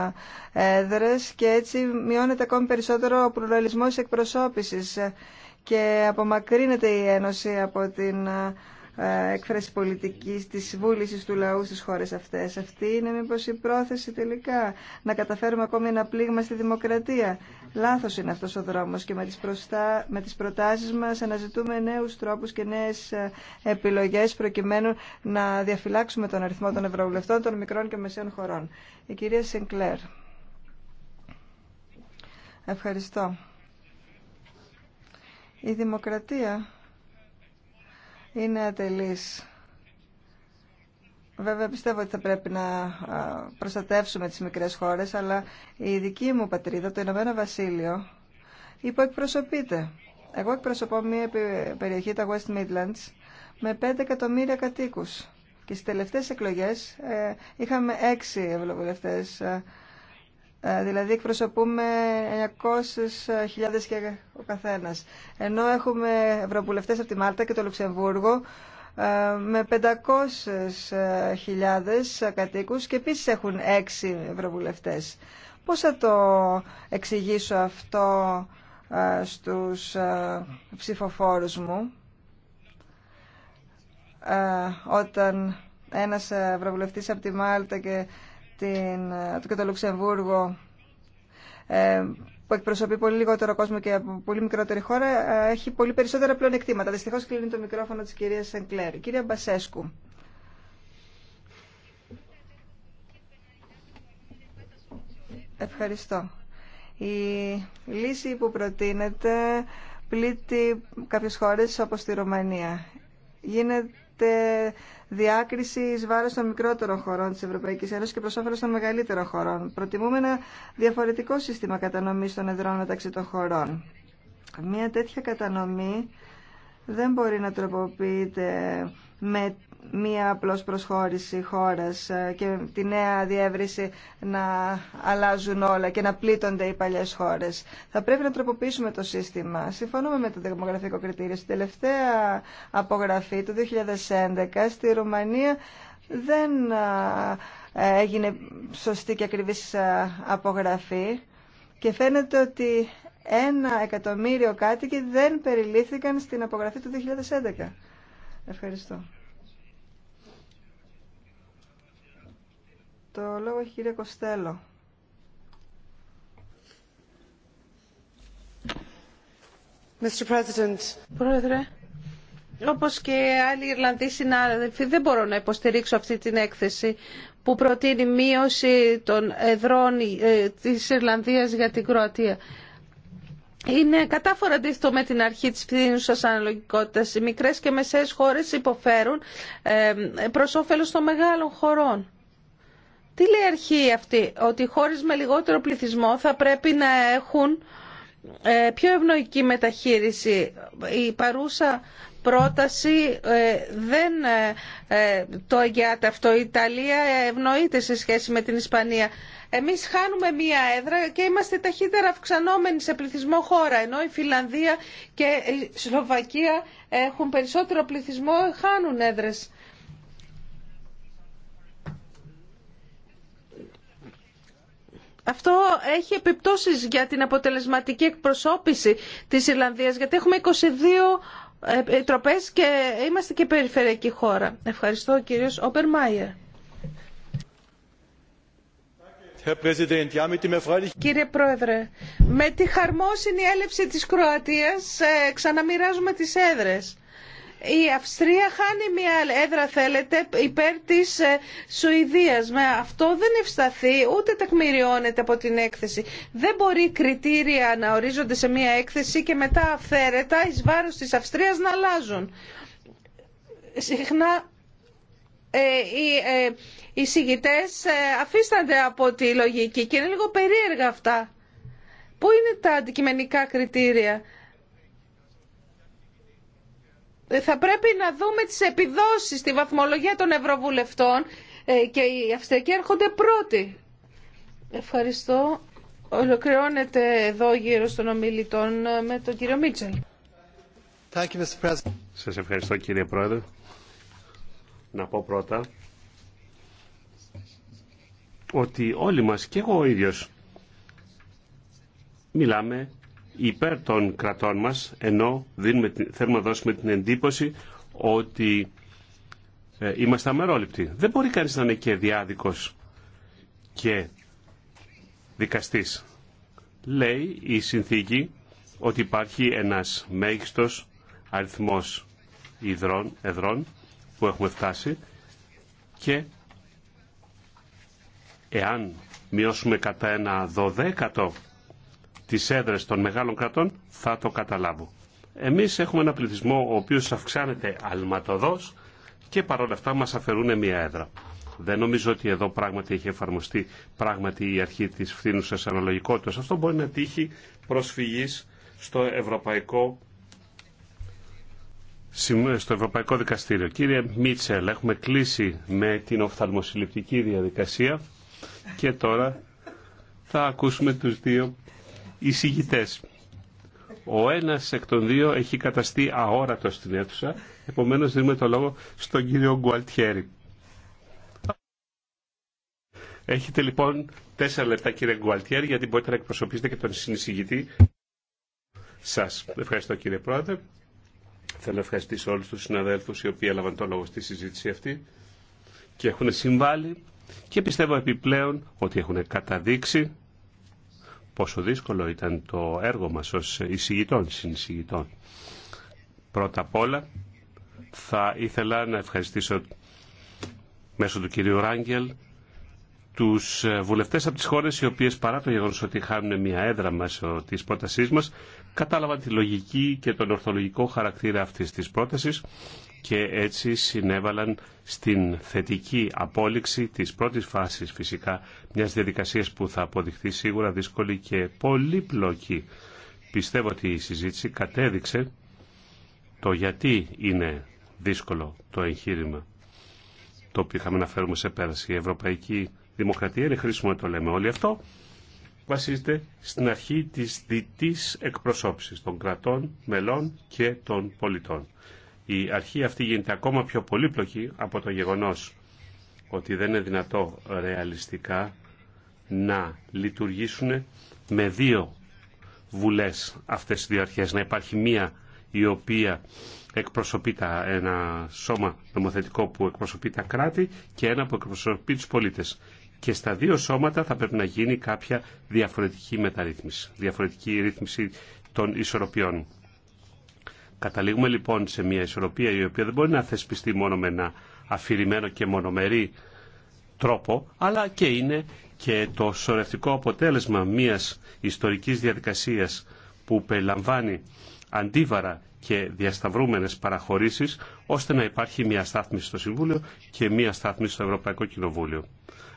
ε, έδρες και έτσι μειώνεται ακόμη περισσότερο ο πλουραλισμός εκπροσώπησης ε, και απομακρύνεται η Ένωση από την ε, ε, έκφραση πολιτικής, της βούλησης του λαού στις χώρες αυτές. Αυτή είναι μήπως η πρόθεση τελικά, να καταφέρουμε ακόμη ένα πλήγμα στη δημοκρατία. Λάθος είναι αυτός ο δρόμος και με τις, προστά, με τις προτάσεις μας αναζητούμε νέους τρόπους και νέες ε, επιλογές προκειμένου να διαφυλάξουμε τον αριθμό των ευρωβουλευτών των μικρών και μεσαίων χωρών. Η κυρία Σενκλέρ. Ευχαριστώ. Η δημοκρατία είναι ατελής. Βέβαια πιστεύω ότι θα πρέπει να προστατεύσουμε τις μικρές χώρες, αλλά η δική μου πατρίδα, το Ηνωμένο Βασίλειο, υποεκπροσωπείται. Εγώ εκπροσωπώ μια περιοχή, τα West Midlands, με 5 εκατομμύρια κατοίκους. Και στις τελευταίες εκλογές ε, είχαμε 6 ε, ε, δηλαδή εκπροσωπούμε 900.000 και ο καθένας. Ενώ έχουμε ευρωβουλευτές από τη Μάλτα και το Λουξεμβούργο ε, με 500.000 κατοίκους και επίσης έχουν 6 ευρωβουλευτές. Πώς θα το εξηγήσω αυτό ε, στους ψηφοφόρους μου όταν ένας ευρωβουλευτής από τη Μάλτα και την, το και το Λουξεμβούργο ε, που εκπροσωπεί πολύ λιγότερο κόσμο και από πολύ μικρότερη χώρα ε, έχει πολύ περισσότερα πλεονεκτήματα. Δυστυχώ κλείνει το μικρόφωνο τη κυρία Σενκλέρ. Κυρία Μπασέσκου. Ευχαριστώ. Η λύση που προτείνεται πλήττει κάποιες χώρες όπως τη Ρουμανία. Γίνεται Υπάρχει διάκριση ει βάρο των μικρότερων χωρών τη Ευρωπαϊκή Ένωση και προ όφελο των μεγαλύτερων χωρών. Προτιμούμε ένα διαφορετικό σύστημα κατανομής των εδρών μεταξύ των χωρών. Μια τέτοια κατανομή δεν μπορεί να τροποποιείται με μία απλώς προσχώρηση χώρας ε, και τη νέα διεύρυνση να αλλάζουν όλα και να πλήττονται οι παλιές χώρες. Θα πρέπει να τροποποιήσουμε το σύστημα. Συμφωνούμε με το δημογραφικό κριτήριο. Στην τελευταία απογραφή του 2011 στη Ρουμανία δεν ε, έγινε σωστή και ακριβής ε, απογραφή και φαίνεται ότι ένα εκατομμύριο κάτοικοι δεν περιλήφθηκαν στην απογραφή του 2011. Ευχαριστώ. Το λόγο έχει η Κοστέλο. Mr. President. Πρόεδρε, όπως και άλλοι Ιρλανδοί συνάδελφοι, δεν μπορώ να υποστηρίξω αυτή την έκθεση που προτείνει μείωση των εδρών ε, της Ιρλανδίας για την Κροατία. Είναι κατάφορα αντίθετο με την αρχή της φθήνουσας αναλογικότητας. Οι μικρές και μεσαίες χώρες υποφέρουν ε, προς όφελος των μεγάλων χωρών. Τι λέει αρχή αυτή, ότι οι χώρες με λιγότερο πληθυσμό θα πρέπει να έχουν ε, πιο ευνοϊκή μεταχείριση. Η παρούσα πρόταση ε, δεν ε, το εγγυάται αυτό. Η Ιταλία ευνοείται σε σχέση με την Ισπανία. Εμείς χάνουμε μία έδρα και είμαστε ταχύτερα αυξανόμενοι σε πληθυσμό χώρα, ενώ η Φιλανδία και η Σλοβακία έχουν περισσότερο πληθυσμό, χάνουν έδρες. αυτό έχει επιπτώσεις για την αποτελεσματική εκπροσώπηση της Ιρλανδίας, γιατί έχουμε 22 ε, ε, τροπές και είμαστε και περιφερειακή χώρα. Ευχαριστώ κύριος Όπερ Μάιερ. Κύριε Πρόεδρε, με τη χαρμόσυνη έλευση της Κροατίας ε, ξαναμοιράζουμε τις έδρες η Αυστρία χάνει μια έδρα θέλετε υπέρ της ε, Σουηδίας. Με αυτό δεν ευσταθεί ούτε τεκμηριώνεται από την έκθεση. Δεν μπορεί κριτήρια να ορίζονται σε μια έκθεση και μετά αυθαίρετα εις βάρος της Αυστρίας να αλλάζουν. Συχνά ε, οι ε, ε, αφήστανται από τη λογική και είναι λίγο περίεργα αυτά. Πού είναι τα αντικειμενικά κριτήρια ε, θα πρέπει να δούμε τις επιδόσεις τη βαθμολογία των ευρωβουλευτών ε, και οι Αυστριακοί έρχονται πρώτοι. Ευχαριστώ. Ολοκληρώνεται εδώ γύρω των ομιλητών ε, με τον κύριο Μίτσελ. Σας ευχαριστώ κύριε Πρόεδρε. Να πω πρώτα ότι όλοι μας και εγώ ο ίδιος μιλάμε υπέρ των κρατών μας, ενώ δίνουμε, θέλουμε να δώσουμε την εντύπωση ότι ε, είμαστε αμερόληπτοι. Δεν μπορεί κανείς να είναι και διάδικος και δικαστής. Λέει η συνθήκη ότι υπάρχει ένας μέγιστος αριθμός υδρών, εδρών που έχουμε φτάσει και εάν μειώσουμε κατά ένα δωδέκατο τις έδρες των μεγάλων κρατών θα το καταλάβω. Εμείς έχουμε ένα πληθυσμό ο οποίος αυξάνεται αλματοδός και παρόλα αυτά μας αφαιρούν μια έδρα. Δεν νομίζω ότι εδώ πράγματι έχει εφαρμοστεί πράγματι η αρχή της φθήνουσας αναλογικότητας. Αυτό μπορεί να τύχει προσφυγής στο Ευρωπαϊκό στο Ευρωπαϊκό Δικαστήριο. Κύριε Μίτσελ, έχουμε κλείσει με την οφθαλμοσυλληπτική διαδικασία και τώρα θα ακούσουμε τους δύο εισηγητές. Ο ένας εκ των δύο έχει καταστεί αόρατο στην αίθουσα, επομένως δίνουμε το λόγο στον κύριο Γκουαλτιέρη. Έχετε λοιπόν τέσσερα λεπτά κύριε Γκουαλτιέρη, γιατί μπορείτε να εκπροσωπήσετε και τον συνεισηγητή σας. Ευχαριστώ κύριε Πρόεδρε. Θέλω να ευχαριστήσω όλους τους συναδέλφους οι οποίοι έλαβαν το λόγο στη συζήτηση αυτή και έχουν συμβάλει και πιστεύω επιπλέον ότι έχουν καταδείξει πόσο δύσκολο ήταν το έργο μας ως εισηγητών, συνεισηγητών. Πρώτα απ' όλα θα ήθελα να ευχαριστήσω μέσω του κυρίου Ράγγελ τους βουλευτές από τις χώρες οι οποίες παρά το γεγονός ότι χάνουν μια έδρα μας της πρότασής μας κατάλαβαν τη λογική και τον ορθολογικό χαρακτήρα αυτής της πρότασης και έτσι συνέβαλαν στην θετική απόλυξη της πρώτης φάσης φυσικά μιας διαδικασίας που θα αποδειχθεί σίγουρα δύσκολη και πολύπλοκη. Πιστεύω ότι η συζήτηση κατέδειξε το γιατί είναι δύσκολο το εγχείρημα το οποίο είχαμε να φέρουμε σε πέραση. Η Ευρωπαϊκή Δημοκρατία είναι χρήσιμο να το λέμε όλοι αυτό. Βασίζεται στην αρχή της διτής εκπροσώπησης των κρατών, μελών και των πολιτών η αρχή αυτή γίνεται ακόμα πιο πολύπλοκη από το γεγονός ότι δεν είναι δυνατό ρεαλιστικά να λειτουργήσουν με δύο βουλές αυτές οι δύο αρχές. Να υπάρχει μία η οποία εκπροσωπεί τα, ένα σώμα νομοθετικό που εκπροσωπεί τα κράτη και ένα που εκπροσωπεί τους πολίτες. Και στα δύο σώματα θα πρέπει να γίνει κάποια διαφορετική μεταρρύθμιση, διαφορετική ρύθμιση των ισορροπιών. Καταλήγουμε λοιπόν σε μια ισορροπία η οποία δεν μπορεί να θεσπιστεί μόνο με ένα αφηρημένο και μονομερή τρόπο, αλλά και είναι και το σωρευτικό αποτέλεσμα μιας ιστορικής διαδικασίας που περιλαμβάνει αντίβαρα και διασταυρούμενες παραχωρήσεις, ώστε να υπάρχει μια στάθμιση στο Συμβούλιο και μια στάθμιση στο Ευρωπαϊκό Κοινοβούλιο.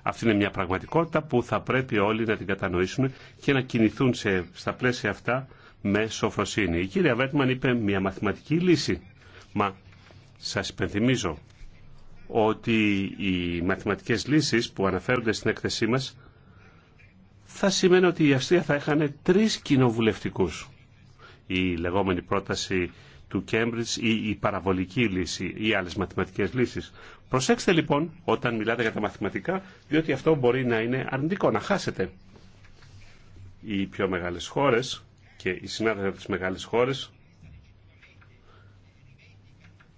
Αυτή είναι μια πραγματικότητα που θα πρέπει όλοι να την κατανοήσουν και να κινηθούν σε, στα πλαίσια αυτά με σοφροσύνη. Η κυρία Βέτμαν είπε μια μαθηματική λύση. Μα σας υπενθυμίζω ότι οι μαθηματικές λύσεις που αναφέρονται στην έκθεσή μας θα σημαίνει ότι η Αυστρία θα έχανε τρεις κοινοβουλευτικούς. Η λεγόμενη πρόταση του Κέμπριτς ή η παραβολική λύση ή άλλες μαθηματικές λύσεις. Προσέξτε λοιπόν όταν μιλάτε για τα μαθηματικά, διότι αυτό μπορεί να είναι αρνητικό, να χάσετε. Οι πιο μεγάλες χώρες και οι συνάδελφοι από τις μεγάλες χώρες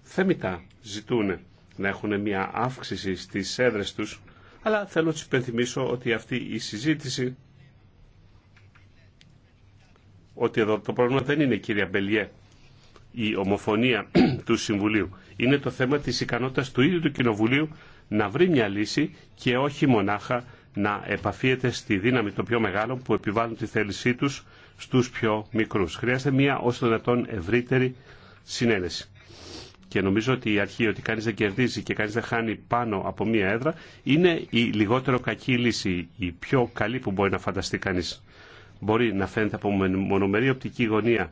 θέμητα ζητούν να έχουν μια αύξηση στις έδρες τους, αλλά θέλω να τους υπενθυμίσω ότι αυτή η συζήτηση ότι εδώ το πρόβλημα δεν είναι κυρία Μπελιέ η ομοφωνία του Συμβουλίου. Είναι το θέμα της ικανότητας του ίδιου του Κοινοβουλίου να βρει μια λύση και όχι μονάχα να επαφίεται στη δύναμη των πιο μεγάλων που επιβάλλουν τη θέλησή τους στους πιο μικρούς. Χρειάζεται μια όσο δυνατόν ευρύτερη συνένεση. Και νομίζω ότι η αρχή ότι κανείς δεν κερδίζει και κανείς δεν χάνει πάνω από μία έδρα είναι η λιγότερο κακή λύση, η πιο καλή που μπορεί να φανταστεί κανείς. Μπορεί να φαίνεται από μονομερή οπτική γωνία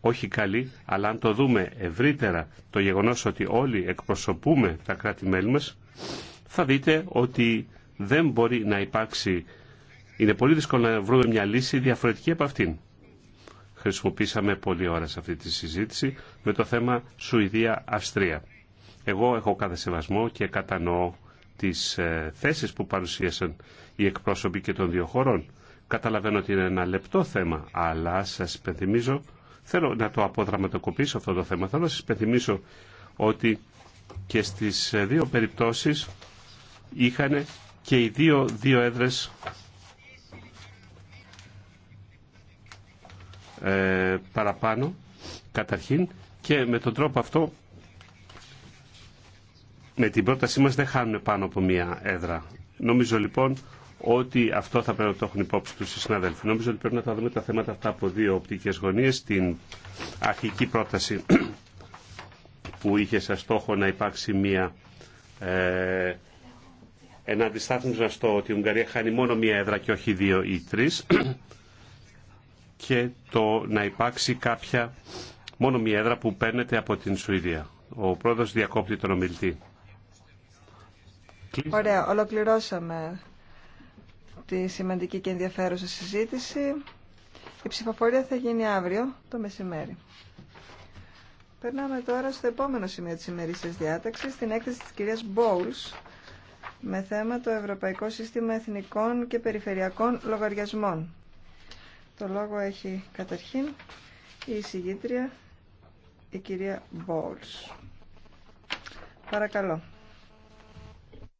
όχι καλή, αλλά αν το δούμε ευρύτερα το γεγονός ότι όλοι εκπροσωπούμε τα κράτη-μέλη μας, θα δείτε ότι δεν μπορεί να υπάρξει είναι πολύ δύσκολο να βρούμε μια λύση διαφορετική από αυτήν. Χρησιμοποίησαμε πολλή ώρα σε αυτή τη συζήτηση με το θέμα Σουηδία-Αυστρία. Εγώ έχω κάθε σεβασμό και κατανοώ τις ε, θέσεις που παρουσίασαν οι εκπρόσωποι και των δύο χωρών. Καταλαβαίνω ότι είναι ένα λεπτό θέμα, αλλά σας υπενθυμίζω, θέλω να το αποδραματοκοπήσω αυτό το θέμα, θέλω να σας υπενθυμίσω ότι και στις ε, δύο περιπτώσεις είχαν και οι δύο, δύο έδρες Ε, παραπάνω καταρχήν και με τον τρόπο αυτό με την πρότασή μας δεν χάνουν πάνω από μία έδρα. Νομίζω λοιπόν ότι αυτό θα πρέπει να το έχουν υπόψη τους οι συναδέλφοι. Νομίζω ότι πρέπει να τα δούμε τα θέματα αυτά από δύο οπτικές γωνίες. Την αρχική πρόταση που είχε σαν στόχο να υπάρξει μία ε, ένα στο ότι η Ουγγαρία χάνει μόνο μία έδρα και όχι δύο ή τρεις και το να υπάρξει κάποια μόνο μία έδρα που παίρνεται από την Σουηδία. Ο πρόεδρος διακόπτει τον ομιλητή. Ωραία, ολοκληρώσαμε τη σημαντική και ενδιαφέρουσα συζήτηση. Η ψηφοφορία θα γίνει αύριο το μεσημέρι. Περνάμε τώρα στο επόμενο σημείο της ημερήσιας διάταξης, την έκθεση της κυρίας Μπόουλς, με θέμα το Ευρωπαϊκό Σύστημα Εθνικών και Περιφερειακών Λογαριασμών. Το λόγο έχει καταρχήν η εισηγήτρια, η κυρία Μπόλς. Παρακαλώ.